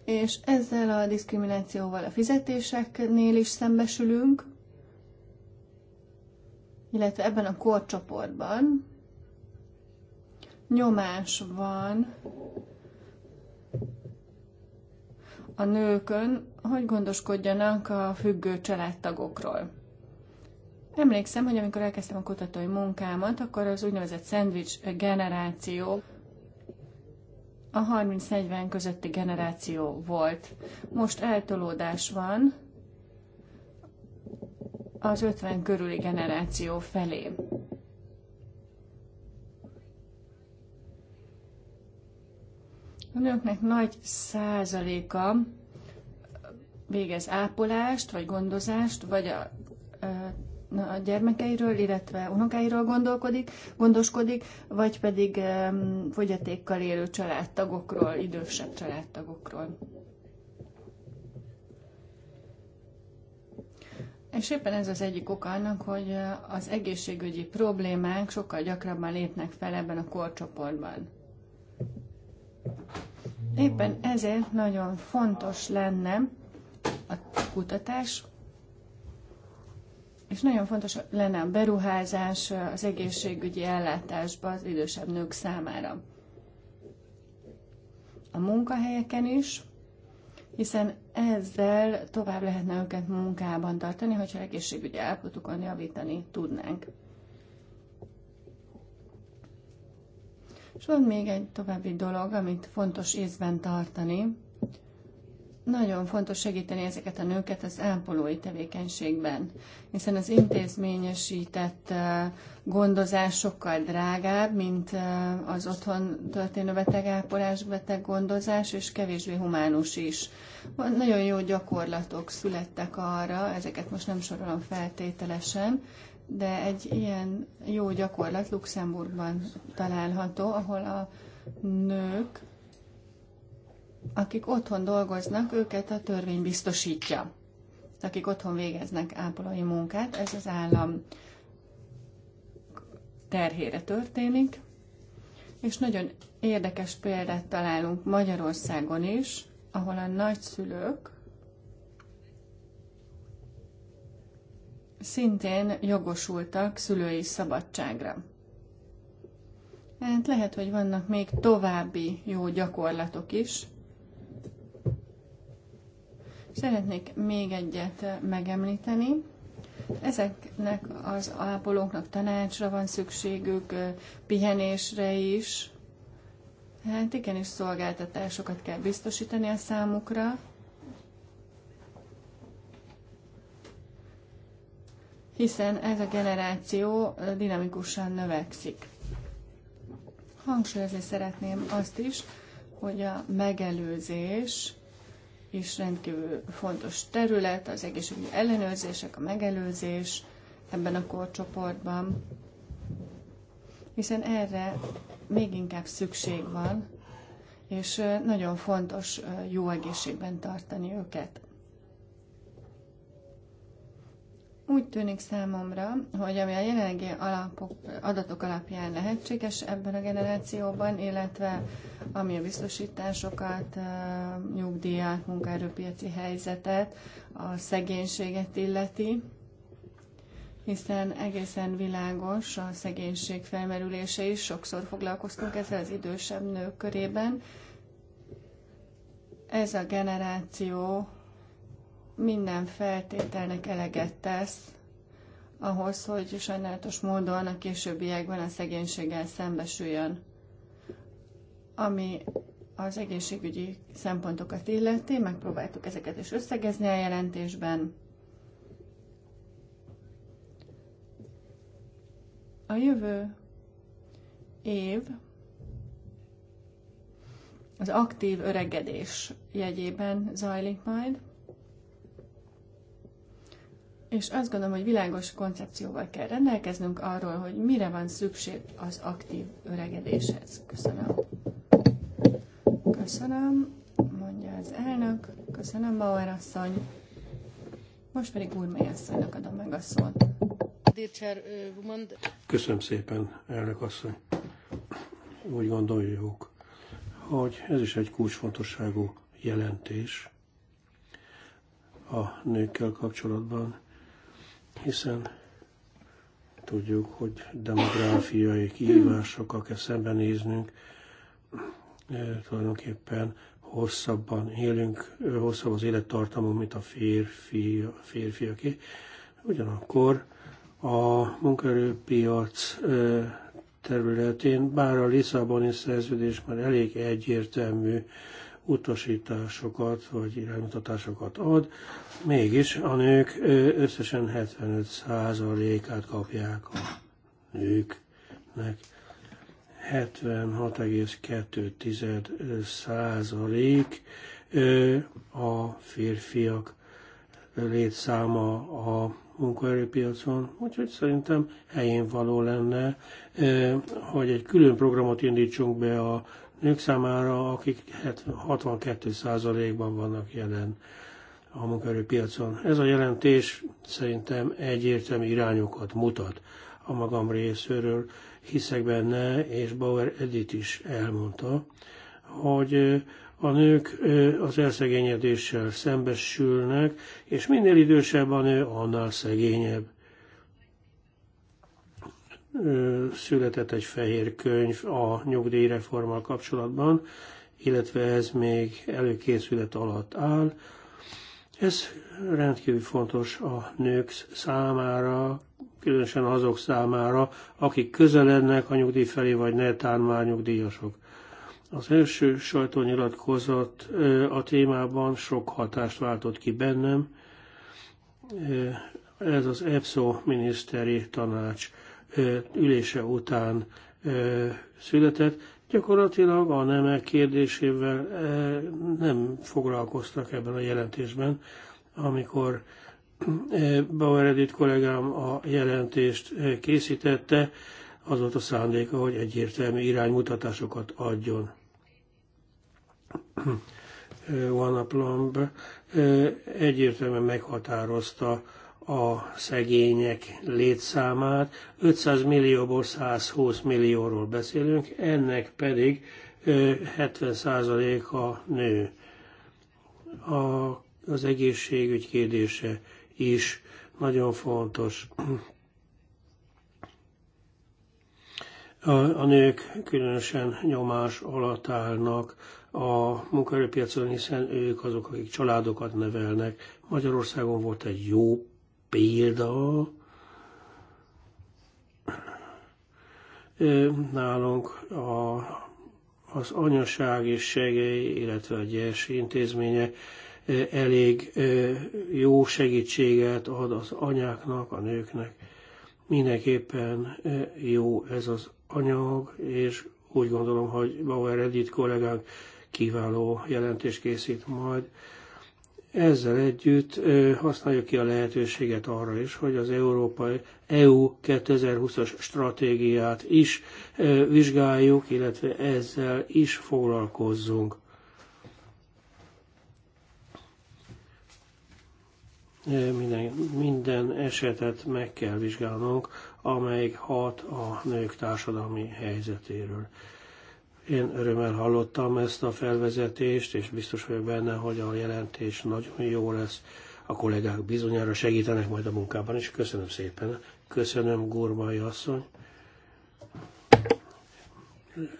és ezzel a diszkriminációval a fizetéseknél is szembesülünk, illetve ebben a korcsoportban nyomás van a nőkön, hogy gondoskodjanak a függő családtagokról. Emlékszem, hogy amikor elkezdtem a kutatói munkámat, akkor az úgynevezett szendvics generáció a 30-40 közötti generáció volt. Most eltolódás van, az 50 körüli generáció felé. A nőknek nagy százaléka végez ápolást, vagy gondozást, vagy a, a gyermekeiről, illetve unokáiról gondolkodik, gondoskodik, vagy pedig um, fogyatékkal élő családtagokról, idősebb családtagokról. És éppen ez az egyik oka annak, hogy az egészségügyi problémák sokkal gyakrabban lépnek fel ebben a korcsoportban. Éppen ezért nagyon fontos lenne a kutatás, és nagyon fontos lenne a beruházás az egészségügyi ellátásba az idősebb nők számára. A munkahelyeken is, hiszen ezzel tovább lehetne őket munkában tartani, hogyha egészségügyi állapotukon javítani tudnánk. És van még egy további dolog, amit fontos észben tartani. Nagyon fontos segíteni ezeket a nőket az ápolói tevékenységben, hiszen az intézményesített gondozás sokkal drágább, mint az otthon történő betegápolás, beteg gondozás, és kevésbé humánus is. Nagyon jó gyakorlatok születtek arra, ezeket most nem sorolom feltételesen, de egy ilyen jó gyakorlat Luxemburgban található, ahol a nők akik otthon dolgoznak, őket a törvény biztosítja. Akik otthon végeznek ápolói munkát, ez az állam terhére történik. És nagyon érdekes példát találunk Magyarországon is, ahol a nagyszülők szintén jogosultak szülői szabadságra. Hát lehet, hogy vannak még további jó gyakorlatok is, Szeretnék még egyet megemlíteni. Ezeknek az ápolóknak tanácsra van szükségük, pihenésre is. Hát igenis szolgáltatásokat kell biztosítani a számukra. hiszen ez a generáció dinamikusan növekszik. Hangsúlyozni szeretném azt is, hogy a megelőzés is rendkívül fontos terület, az egészségügyi ellenőrzések, a megelőzés ebben a korcsoportban, hiszen erre még inkább szükség van, és nagyon fontos jó egészségben tartani őket. Úgy tűnik számomra, hogy ami a jelenlegi alapok, adatok alapján lehetséges ebben a generációban, illetve ami a biztosításokat, nyugdíjat, munkaerőpiaci helyzetet, a szegénységet illeti, hiszen egészen világos a szegénység felmerülése is, sokszor foglalkoztunk ezzel az idősebb nők körében. Ez a generáció minden feltételnek eleget tesz ahhoz, hogy sajnálatos módon a későbbiekben a szegénységgel szembesüljön. Ami az egészségügyi szempontokat illeti, megpróbáltuk ezeket is összegezni a jelentésben. A jövő év az aktív öregedés jegyében zajlik majd és azt gondolom, hogy világos koncepcióval kell rendelkeznünk arról, hogy mire van szükség az aktív öregedéshez. Köszönöm. Köszönöm, mondja az elnök. Köszönöm, Bauer asszony. Most pedig Gurmai asszonynak adom meg a szót. Köszönöm szépen, elnök asszony. Úgy gondoljuk, hogy ez is egy kulcsfontosságú jelentés a nőkkel kapcsolatban hiszen tudjuk, hogy demográfiai kihívásokkal kell szembenéznünk, eh, tulajdonképpen hosszabban élünk, eh, hosszabb az élettartamunk, mint a férfi, a férfiaké. Ugyanakkor a munkaerőpiac eh, területén, bár a Lisszaboni szerződés már elég egyértelmű utasításokat vagy iránymutatásokat ad, mégis a nők összesen 75%-át kapják a nőknek. 76,2 a férfiak létszáma a munkaerőpiacon, úgyhogy szerintem helyén való lenne, hogy egy külön programot indítsunk be a nők számára, akik 62%-ban vannak jelen a munkaerőpiacon. Ez a jelentés szerintem egyértelmű irányokat mutat a magam részéről, hiszek benne, és Bauer Edith is elmondta, hogy a nők az elszegényedéssel szembesülnek, és minél idősebb a nő, annál szegényebb született egy fehér könyv a nyugdíjreformmal kapcsolatban, illetve ez még előkészület alatt áll. Ez rendkívül fontos a nők számára, különösen azok számára, akik közelednek a nyugdíj felé, vagy netán már nyugdíjasok. Az első sajtónyilatkozat a témában sok hatást váltott ki bennem. Ez az EPSO miniszteri tanács ülése után született, gyakorlatilag a nemek kérdésével nem foglalkoztak ebben a jelentésben, amikor Bauer Edith kollégám a jelentést készítette, az volt a szándéka, hogy egyértelmű iránymutatásokat adjon. Juana Plumb egyértelműen meghatározta a szegények létszámát. 500 millióból 120 millióról beszélünk, ennek pedig 70%-a nő. A, az egészségügy kérdése is nagyon fontos. A, a nők különösen nyomás alatt állnak a munkaerőpiacon, hiszen ők azok, akik családokat nevelnek. Magyarországon volt egy jó példa. Nálunk a, az anyaság és segély, illetve a gyers intézménye elég jó segítséget ad az anyáknak, a nőknek. Mindenképpen jó ez az anyag, és úgy gondolom, hogy Bauer Edith kollégánk kiváló jelentést készít majd ezzel együtt használjuk ki a lehetőséget arra is, hogy az Európai EU 2020-as stratégiát is vizsgáljuk, illetve ezzel is foglalkozzunk. Minden, minden esetet meg kell vizsgálnunk, amelyik hat a nők társadalmi helyzetéről. Én örömmel hallottam ezt a felvezetést, és biztos vagyok benne, hogy a jelentés nagyon jó lesz. A kollégák bizonyára segítenek majd a munkában, és köszönöm szépen. Köszönöm, Gurmai asszony.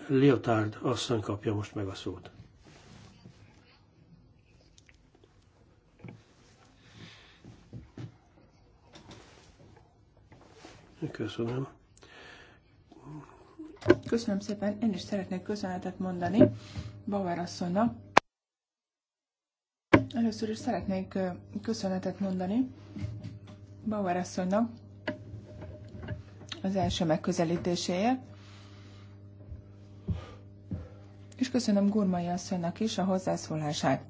Liotárd asszony kapja most meg a szót. Köszönöm. Köszönöm szépen, én is szeretnék köszönetet mondani Bauer asszonynak. Először is szeretnék köszönetet mondani Bauer asszonynak az első megközelítéséért. És köszönöm Gurmai asszonynak is a hozzászólását.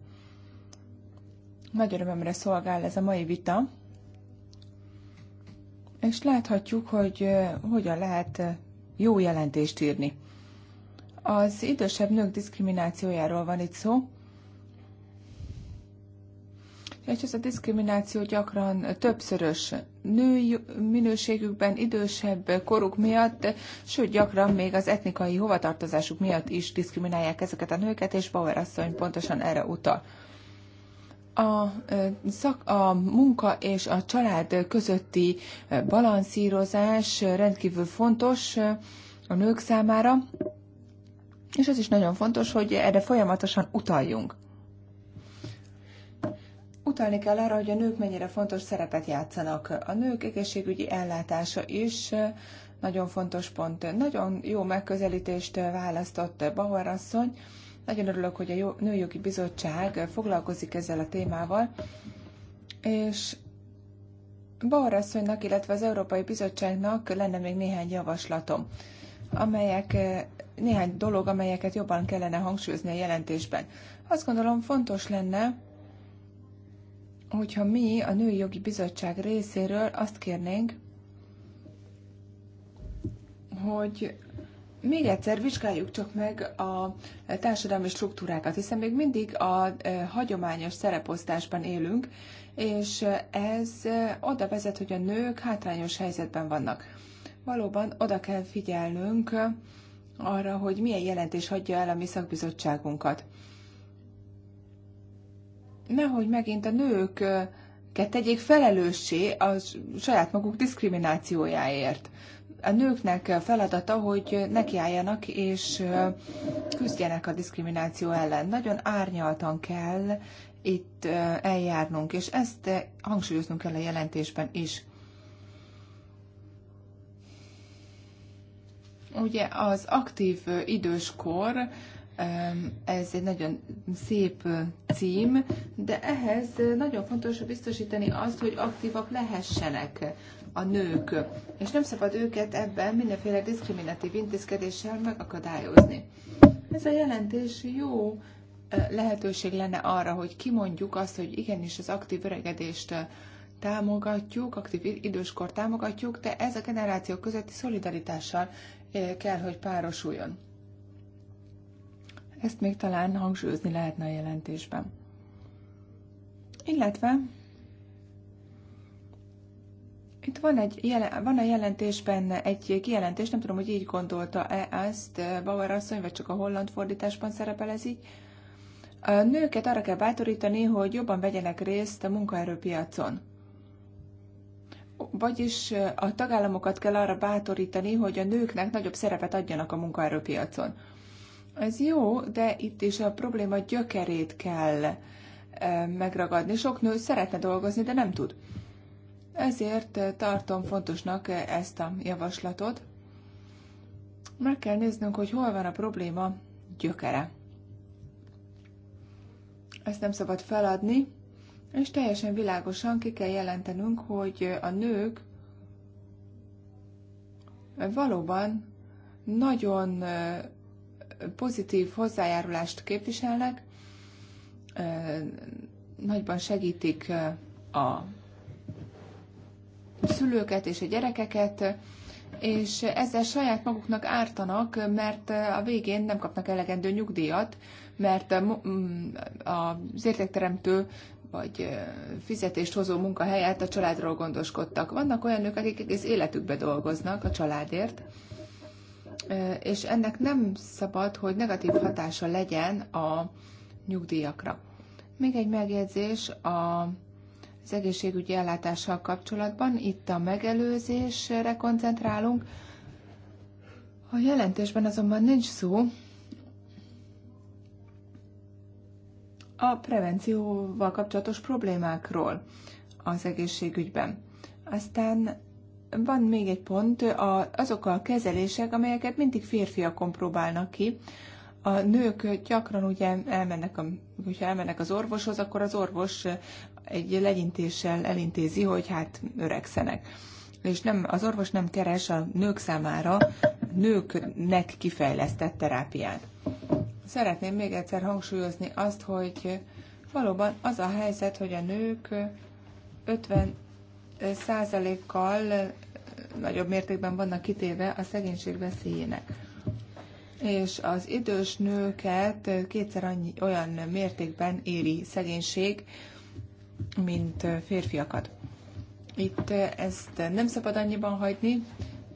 Nagy örömömre szolgál ez a mai vita, és láthatjuk, hogy hogyan lehet jó jelentést írni. Az idősebb nők diszkriminációjáról van itt szó, és ez a diszkrimináció gyakran többszörös női minőségükben, idősebb koruk miatt, sőt gyakran még az etnikai hovatartozásuk miatt is diszkriminálják ezeket a nőket, és Bauer asszony pontosan erre utal a, szak, a munka és a család közötti balanszírozás rendkívül fontos a nők számára, és az is nagyon fontos, hogy erre folyamatosan utaljunk. Utalni kell arra, hogy a nők mennyire fontos szerepet játszanak. A nők egészségügyi ellátása is nagyon fontos pont. Nagyon jó megközelítést választott Bauer asszony, nagyon örülök, hogy a Nőjogi Bizottság foglalkozik ezzel a témával, és Balrasszonynak, illetve az Európai Bizottságnak lenne még néhány javaslatom, amelyek eh, néhány dolog, amelyeket jobban kellene hangsúlyozni a jelentésben. Azt gondolom fontos lenne, hogyha mi a Női Jogi Bizottság részéről azt kérnénk, hogy még egyszer vizsgáljuk csak meg a társadalmi struktúrákat, hiszen még mindig a e, hagyományos szereposztásban élünk, és ez e, oda vezet, hogy a nők hátrányos helyzetben vannak. Valóban oda kell figyelnünk arra, hogy milyen jelentés hagyja el a mi szakbizottságunkat. Nehogy megint a nők tegyék felelőssé a saját maguk diszkriminációjáért a nőknek feladata, hogy nekiálljanak és küzdjenek a diszkrimináció ellen. Nagyon árnyaltan kell itt eljárnunk, és ezt hangsúlyoznunk kell a jelentésben is. Ugye az aktív időskor, ez egy nagyon szép cím, de ehhez nagyon fontos biztosítani azt, hogy aktívak lehessenek a nők, és nem szabad őket ebben mindenféle diszkriminatív intézkedéssel megakadályozni. Ez a jelentés jó lehetőség lenne arra, hogy kimondjuk azt, hogy igenis az aktív öregedést támogatjuk, aktív időskor támogatjuk, de ez a generáció közötti szolidaritással kell, hogy párosuljon. Ezt még talán hangsúlyozni lehetne a jelentésben. Illetve itt van, egy jelen, van a jelentésben egy kijelentés, nem tudom, hogy így gondolta-e ezt eh, Bauer asszony, vagy csak a holland fordításban szerepel ez így. A nőket arra kell bátorítani, hogy jobban vegyenek részt a munkaerőpiacon. Vagyis eh, a tagállamokat kell arra bátorítani, hogy a nőknek nagyobb szerepet adjanak a munkaerőpiacon. Ez jó, de itt is a probléma gyökerét kell eh, megragadni. Sok nő szeretne dolgozni, de nem tud. Ezért tartom fontosnak ezt a javaslatot. Meg kell néznünk, hogy hol van a probléma gyökere. Ezt nem szabad feladni, és teljesen világosan ki kell jelentenünk, hogy a nők valóban nagyon pozitív hozzájárulást képviselnek, nagyban segítik a szülőket és a gyerekeket, és ezzel saját maguknak ártanak, mert a végén nem kapnak elegendő nyugdíjat, mert mm, az értékteremtő vagy fizetést hozó munka a családról gondoskodtak. Vannak olyan nők, akik egész életükbe dolgoznak a családért, és ennek nem szabad, hogy negatív hatása legyen a nyugdíjakra. Még egy megjegyzés a az egészségügyi ellátással kapcsolatban. Itt a megelőzésre koncentrálunk. A jelentésben azonban nincs szó a prevencióval kapcsolatos problémákról az egészségügyben. Aztán van még egy pont, azok a kezelések, amelyeket mindig férfiakon próbálnak ki. A nők gyakran ugye elmennek, a, hogyha elmennek az orvoshoz, akkor az orvos egy legyintéssel elintézi, hogy hát öregszenek. És nem, az orvos nem keres a nők számára nőknek kifejlesztett terápiát. Szeretném még egyszer hangsúlyozni azt, hogy valóban az a helyzet, hogy a nők 50 százalékkal nagyobb mértékben vannak kitéve a szegénység veszélyének. És az idős nőket kétszer annyi, olyan mértékben éri szegénység, mint férfiakat. Itt ezt nem szabad annyiban hagyni,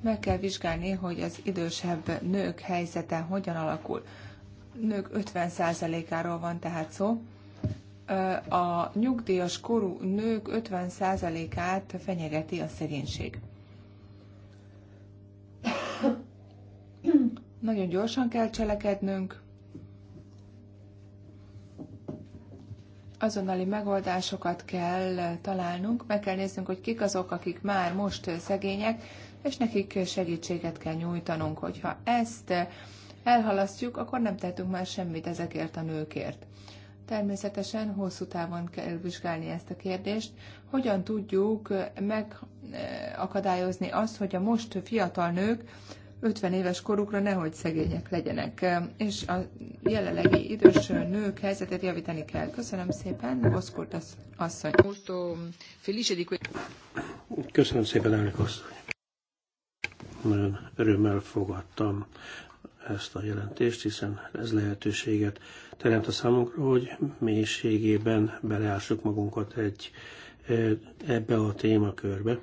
meg kell vizsgálni, hogy az idősebb nők helyzete hogyan alakul. Nők 50%-áról van tehát szó. A nyugdíjas korú nők 50%-át fenyegeti a szegénység. Nagyon gyorsan kell cselekednünk, azonnali megoldásokat kell találnunk, meg kell néznünk, hogy kik azok, akik már most szegények, és nekik segítséget kell nyújtanunk. Hogyha ezt elhalasztjuk, akkor nem tettünk már semmit ezekért a nőkért. Természetesen hosszú távon kell vizsgálni ezt a kérdést, hogyan tudjuk megakadályozni eh, azt, hogy a most fiatal nők 50 éves korukra nehogy szegények legyenek, és a jelenlegi idős nők helyzetet javítani kell. Köszönöm szépen, Boszkurt asszony. Köszönöm szépen, elnök asszony. Nagyon örömmel fogadtam ezt a jelentést, hiszen ez lehetőséget teremt a számunkra, hogy mélységében beleássuk magunkat egy eh, ebbe a témakörbe.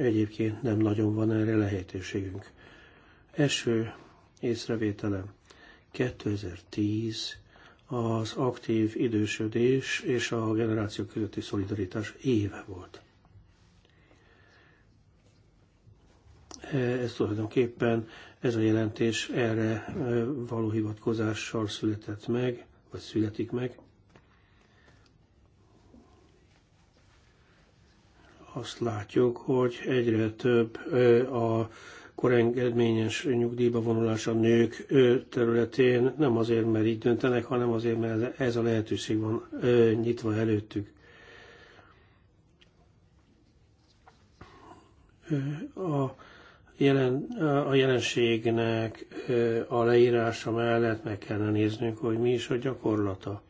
Egyébként nem nagyon van erre lehetőségünk. Eső észrevételem. 2010 az aktív idősödés és a generáció közötti szolidaritás éve volt. Ez tulajdonképpen ez a jelentés erre való hivatkozással született meg, vagy születik meg. azt látjuk, hogy egyre több a korengedményes nyugdíjba vonulás a nők területén, nem azért, mert így döntenek, hanem azért, mert ez a lehetőség van nyitva előttük. A, jelen, a jelenségnek a leírása mellett meg kellene néznünk, hogy mi is a gyakorlata.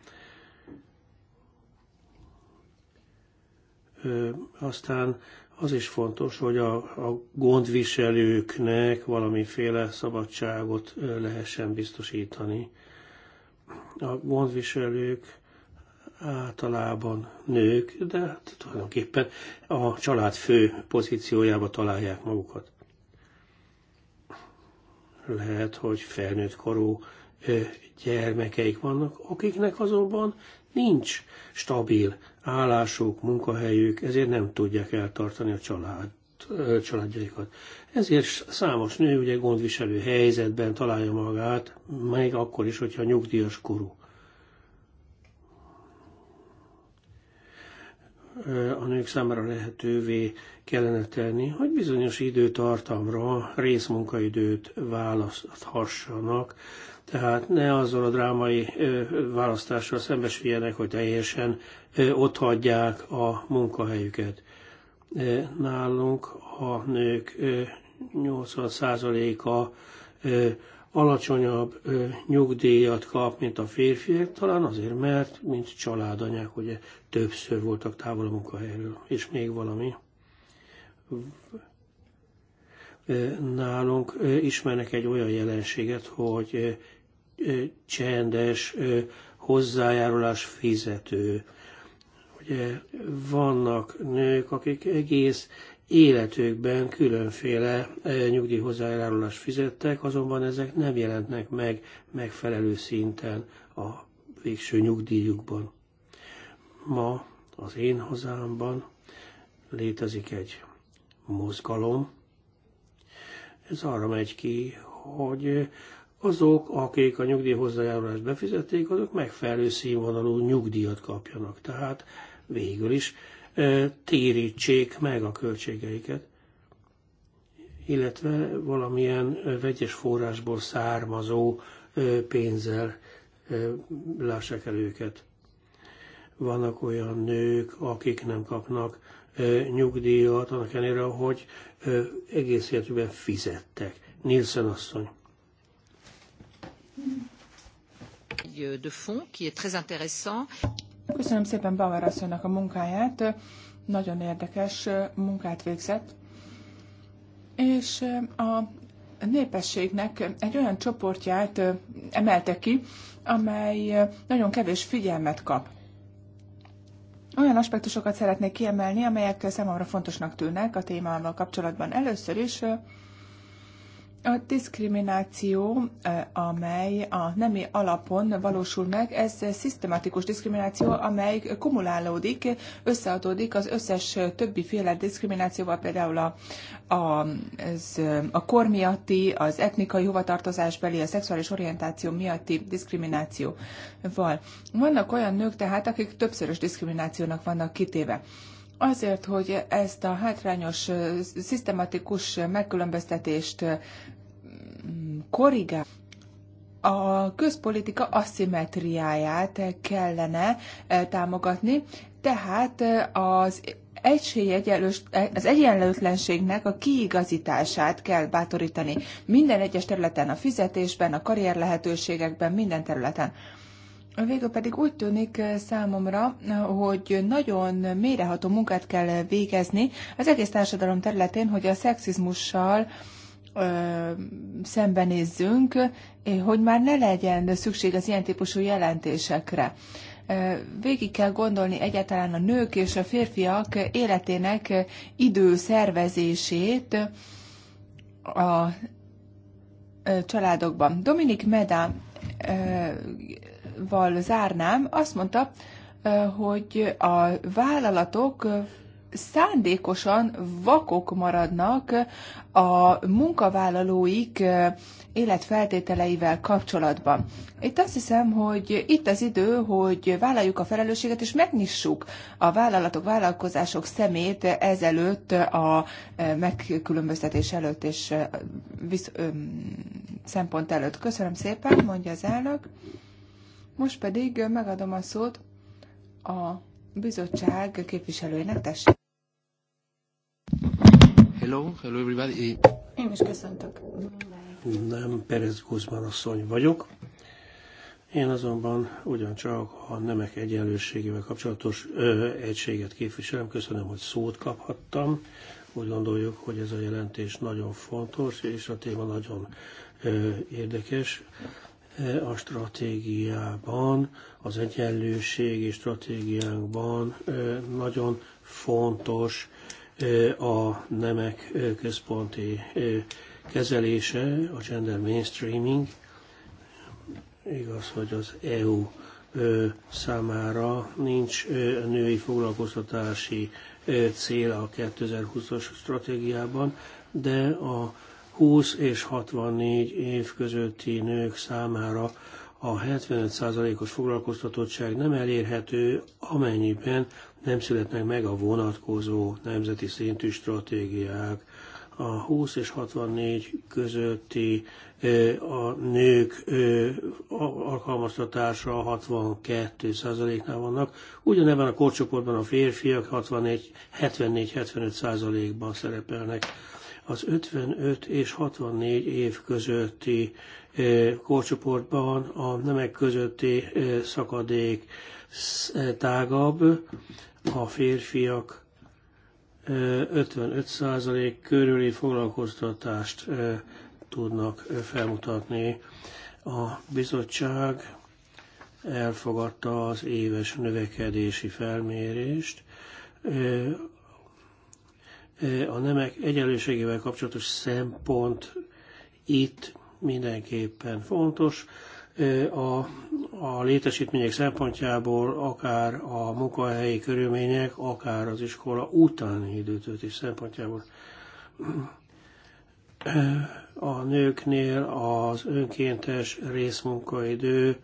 Aztán az is fontos, hogy a, a gondviselőknek valamiféle szabadságot lehessen biztosítani. A gondviselők általában nők, de hát tulajdonképpen a család fő pozíciójába találják magukat. Lehet, hogy felnőtt korú gyermekeik vannak, akiknek azonban Nincs stabil állásuk, munkahelyük, ezért nem tudják eltartani a család, családjaikat. Ezért számos nő ugye gondviselő helyzetben találja magát, még akkor is, hogyha nyugdíjas korú. a nők számára lehetővé kellene tenni, hogy bizonyos időtartamra részmunkaidőt választhassanak, tehát ne azzal a drámai választással szembesüljenek, hogy teljesen hagyják a munkahelyüket. Nálunk a nők 80%-a alacsonyabb nyugdíjat kap, mint a férfiak, talán azért, mert mint családanyák, ugye többször voltak távol a munkahelyről, és még valami. Nálunk ismernek egy olyan jelenséget, hogy csendes hozzájárulás fizető. Ugye vannak nők, akik egész életükben különféle nyugdíjhozzájárulás fizettek, azonban ezek nem jelentnek meg megfelelő szinten a végső nyugdíjukban. Ma az én hazámban létezik egy mozgalom. Ez arra megy ki, hogy azok, akik a nyugdíjhozzájárulást befizették, azok megfelelő színvonalú nyugdíjat kapjanak. Tehát végül is e, térítsék meg a költségeiket, illetve valamilyen vegyes forrásból származó e, pénzzel e, lássák el őket. Vannak olyan nők, akik nem kapnak e, nyugdíjat, annak ellenére, hogy e, egész életükben fizettek. Nielsen asszony. travail euh, de fond qui est très intéressant. Köszönöm szépen Bauer asszonynak a munkáját. Nagyon érdekes euh, munkát végzett. És euh, a népességnek egy olyan csoportját emelte ki, amely nagyon kevés figyelmet kap. Olyan aspektusokat szeretnék kiemelni, amelyek számomra fontosnak tűnnek a témával kapcsolatban. Először is a diszkrimináció, amely a nemi alapon valósul meg, ez szisztematikus diszkrimináció, amely kumulálódik, összeadódik az összes többi féle diszkriminációval, például a, a, ez, a kor miatti, az etnikai hovatartozásbeli, a szexuális orientáció miatti diszkriminációval. Vannak olyan nők tehát, akik többszörös diszkriminációnak vannak kitéve. Azért, hogy ezt a hátrányos, szisztematikus megkülönböztetést korrigál, a közpolitika aszimetriáját kellene támogatni, tehát az az egyenlőtlenségnek a kiigazítását kell bátorítani minden egyes területen, a fizetésben, a karrier lehetőségekben, minden területen. Végül pedig úgy tűnik eh, számomra, hogy nagyon méreható munkát kell végezni az egész társadalom területén, hogy a szexizmussal ö, szembenézzünk, eh, hogy már ne legyen szükség az ilyen típusú jelentésekre. Végig kell gondolni egyáltalán a nők és a férfiak életének időszervezését a családokban. Dominik Meda val zárnám, azt mondta, hogy a vállalatok szándékosan vakok maradnak a munkavállalóik életfeltételeivel kapcsolatban. Itt azt hiszem, hogy itt az idő, hogy vállaljuk a felelősséget, és megnyissuk a vállalatok, vállalkozások szemét ezelőtt a megkülönböztetés előtt és visz, szempont előtt. Köszönöm szépen, mondja az elnök. Most pedig megadom a szót a bizottság képviselőjének. Tessék! Hello, hello everybody. Én is köszöntök. Nem, Perez Guzman asszony vagyok. Én azonban ugyancsak a nemek egyenlőségével kapcsolatos ö, egységet képviselem. Köszönöm, hogy szót kaphattam. Úgy gondoljuk, hogy ez a jelentés nagyon fontos, és a téma nagyon ö, érdekes a stratégiában, az egyenlőségi stratégiánkban nagyon fontos a nemek központi kezelése, a gender mainstreaming. Igaz, hogy az EU számára nincs női foglalkoztatási cél a 2020-as stratégiában, de a 20 és 64 év közötti nők számára a 75%-os foglalkoztatottság nem elérhető, amennyiben nem születnek meg a vonatkozó nemzeti szintű stratégiák. A 20 és 64 közötti a nők alkalmaztatása 62%-nál vannak, ugyanebben a korcsoportban a férfiak 74-75%-ban szerepelnek az 55 és 64 év közötti korcsoportban a nemek közötti szakadék tágabb, a férfiak 55% körüli foglalkoztatást tudnak felmutatni. A bizottság elfogadta az éves növekedési felmérést, E, a nemek egyenlőségével kapcsolatos szempont itt mindenképpen fontos. E, a, a létesítmények szempontjából akár a munkahelyi körülmények, akár az iskola utáni időtöltés szempontjából e, a nőknél az önkéntes részmunkaidő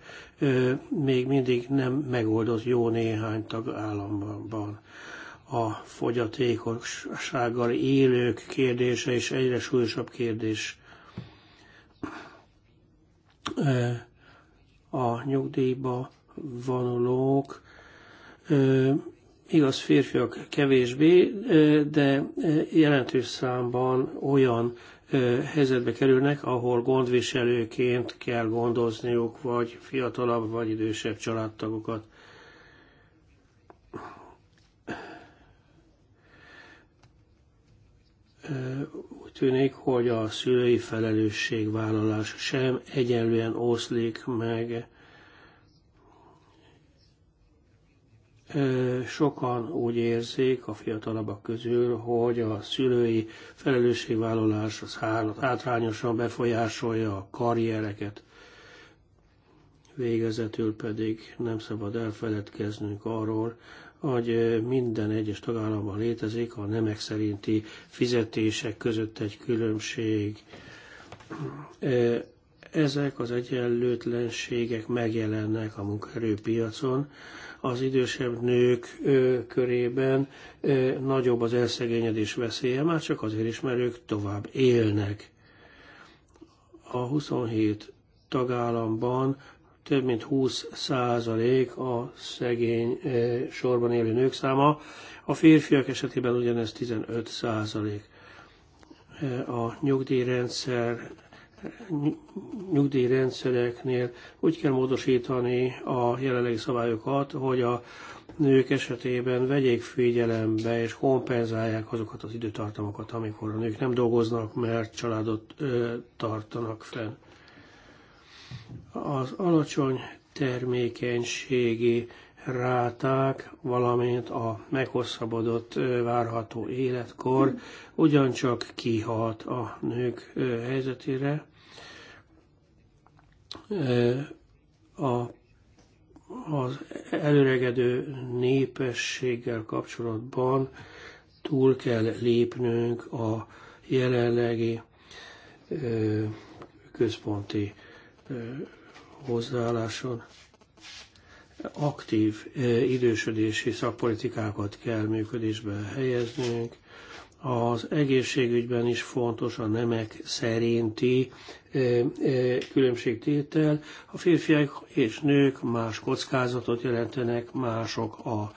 még mindig nem megoldott jó néhány tagállamban a fogyatékossággal élők kérdése és egyre súlyosabb kérdés. A nyugdíjba vonulók, igaz férfiak kevésbé, de jelentős számban olyan helyzetbe kerülnek, ahol gondviselőként kell gondozniuk, vagy fiatalabb, vagy idősebb családtagokat. úgy tűnik, hogy a szülői felelősségvállalás sem egyenlően oszlik meg. Sokan úgy érzik a fiatalabbak közül, hogy a szülői felelősségvállalás az hátrányosan befolyásolja a karriereket. Végezetül pedig nem szabad elfeledkeznünk arról, hogy minden egyes tagállamban létezik a nemek szerinti fizetések között egy különbség. Ezek az egyenlőtlenségek megjelennek a munkaerőpiacon. Az idősebb nők körében nagyobb az elszegényedés veszélye, már csak azért is, mert ők tovább élnek. A 27 tagállamban több mint 20 százalék a szegény e, sorban élő nők száma, a férfiak esetében ugyanez 15 százalék. E, a nyugdíjrendszer nyugdíjrendszereknél úgy kell módosítani a jelenlegi szabályokat, hogy a nők esetében vegyék figyelembe és kompenzálják azokat az időtartamokat, amikor a nők nem dolgoznak, mert családot ö, e, tartanak fenn. Az alacsony termékenységi ráták, valamint a meghosszabbodott várható életkor ugyancsak kihat a nők helyzetére. A, az előregedő népességgel kapcsolatban túl kell lépnünk a jelenlegi központi hozzáálláson aktív idősödési szakpolitikákat kell működésbe helyeznünk. Az egészségügyben is fontos a nemek szerinti különbségtétel. A férfiak és nők más kockázatot jelentenek, mások a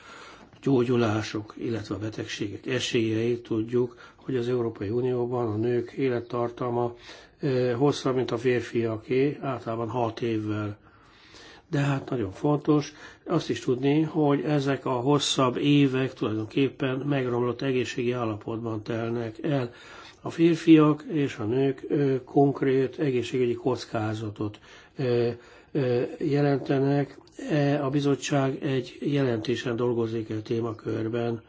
gyógyulások, illetve a betegségek esélyeit tudjuk hogy az Európai Unióban a nők élettartalma hosszabb, mint a férfiaké, általában 6 évvel. De hát nagyon fontos azt is tudni, hogy ezek a hosszabb évek tulajdonképpen megromlott egészségi állapotban telnek el. A férfiak és a nők konkrét egészségügyi kockázatot jelentenek. E, a bizottság egy jelentésen dolgozik el témakörben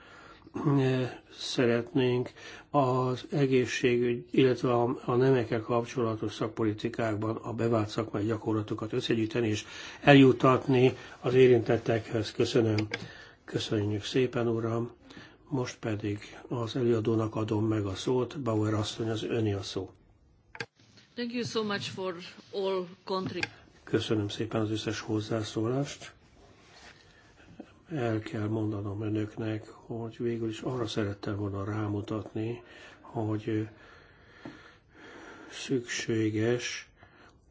szeretnénk az egészségügy, illetve a, a nemekkel kapcsolatos szakpolitikákban a bevált szakmai gyakorlatokat összegyűjteni és eljutatni az érintettekhez. Köszönöm. Köszönjük szépen, Uram. Most pedig az előadónak adom meg a szót. Bauer asszony, az öni a szó. Thank you so much for all country. Köszönöm szépen az összes hozzászólást el kell mondanom önöknek, hogy végül is arra szerettem volna rámutatni, hogy szükséges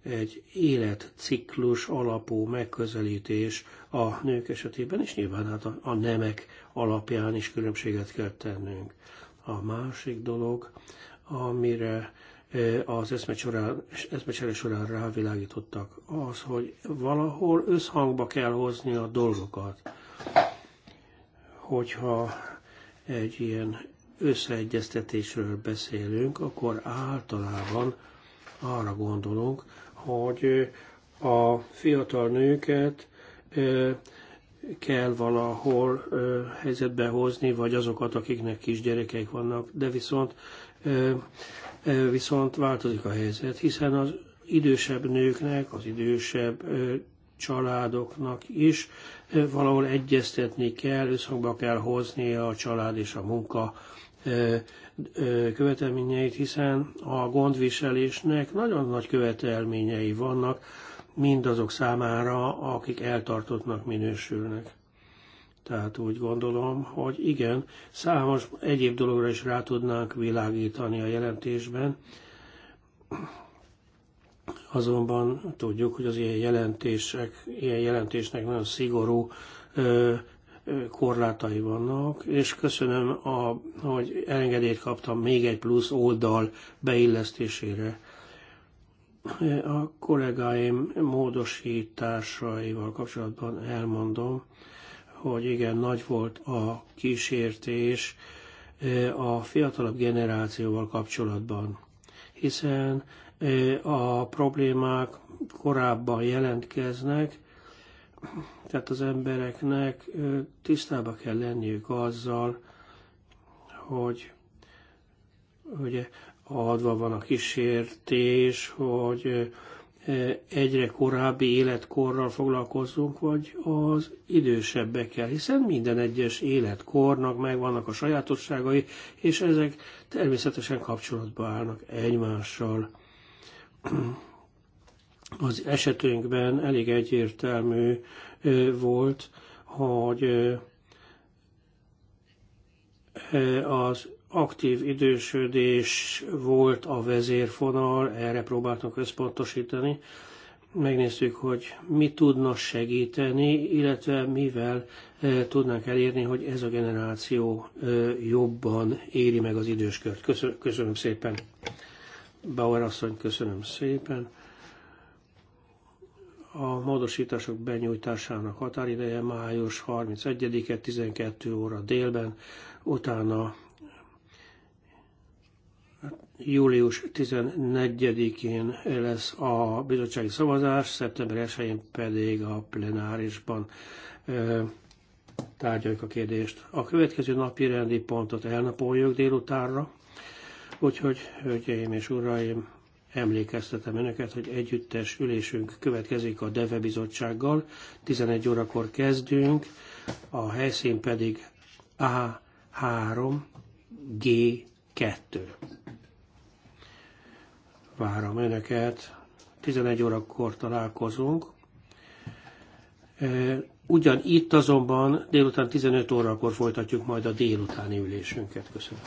egy életciklus alapú megközelítés a nők esetében, és nyilván hát a, a nemek alapján is különbséget kell tennünk. A másik dolog, amire az eszmecsere során rávilágítottak, az, hogy valahol összhangba kell hozni a dolgokat. Hogyha egy ilyen összeegyeztetésről beszélünk, akkor általában arra gondolunk, hogy a fiatal nőket kell valahol helyzetbe hozni, vagy azokat, akiknek kisgyerekeik vannak, de viszont, viszont változik a helyzet, hiszen az idősebb nőknek, az idősebb családoknak is valahol egyeztetni kell, összhangba kell hozni a család és a munka követelményeit, hiszen a gondviselésnek nagyon nagy követelményei vannak mindazok számára, akik eltartottnak minősülnek. Tehát úgy gondolom, hogy igen, számos egyéb dologra is rá tudnánk világítani a jelentésben, Azonban tudjuk, hogy az ilyen, jelentések, ilyen jelentésnek nagyon szigorú korlátai vannak, és köszönöm, a, hogy engedélyt kaptam még egy plusz oldal beillesztésére. A kollégáim módosításaival kapcsolatban elmondom, hogy igen, nagy volt a kísértés a fiatalabb generációval kapcsolatban, hiszen a problémák korábban jelentkeznek, tehát az embereknek tisztába kell lenniük azzal, hogy ugye adva van a kísértés, hogy egyre korábbi életkorral foglalkozzunk, vagy az idősebbekkel, hiszen minden egyes életkornak megvannak a sajátosságai, és ezek természetesen kapcsolatban állnak egymással. Az esetünkben elég egyértelmű volt, hogy az aktív idősödés volt a vezérfonal, erre próbáltunk összpontosítani. Megnéztük, hogy mi tudna segíteni, illetve mivel tudnánk elérni, hogy ez a generáció jobban éri meg az időskört. Köszönöm szépen! Bauer asszony, köszönöm szépen. A módosítások benyújtásának határideje május 31-e 12 óra délben, utána július 14-én lesz a bizottsági szavazás, szeptember 1-én pedig a plenárisban tárgyaljuk a kérdést. A következő napi rendi pontot elnapoljuk délutánra. Úgyhogy, hölgyeim és uraim, emlékeztetem önöket, hogy együttes ülésünk következik a DEVE bizottsággal. 11 órakor kezdünk, a helyszín pedig A3G2. Várom önöket, 11 órakor találkozunk. Ugyan itt azonban délután 15 órakor folytatjuk majd a délutáni ülésünket. Köszönöm.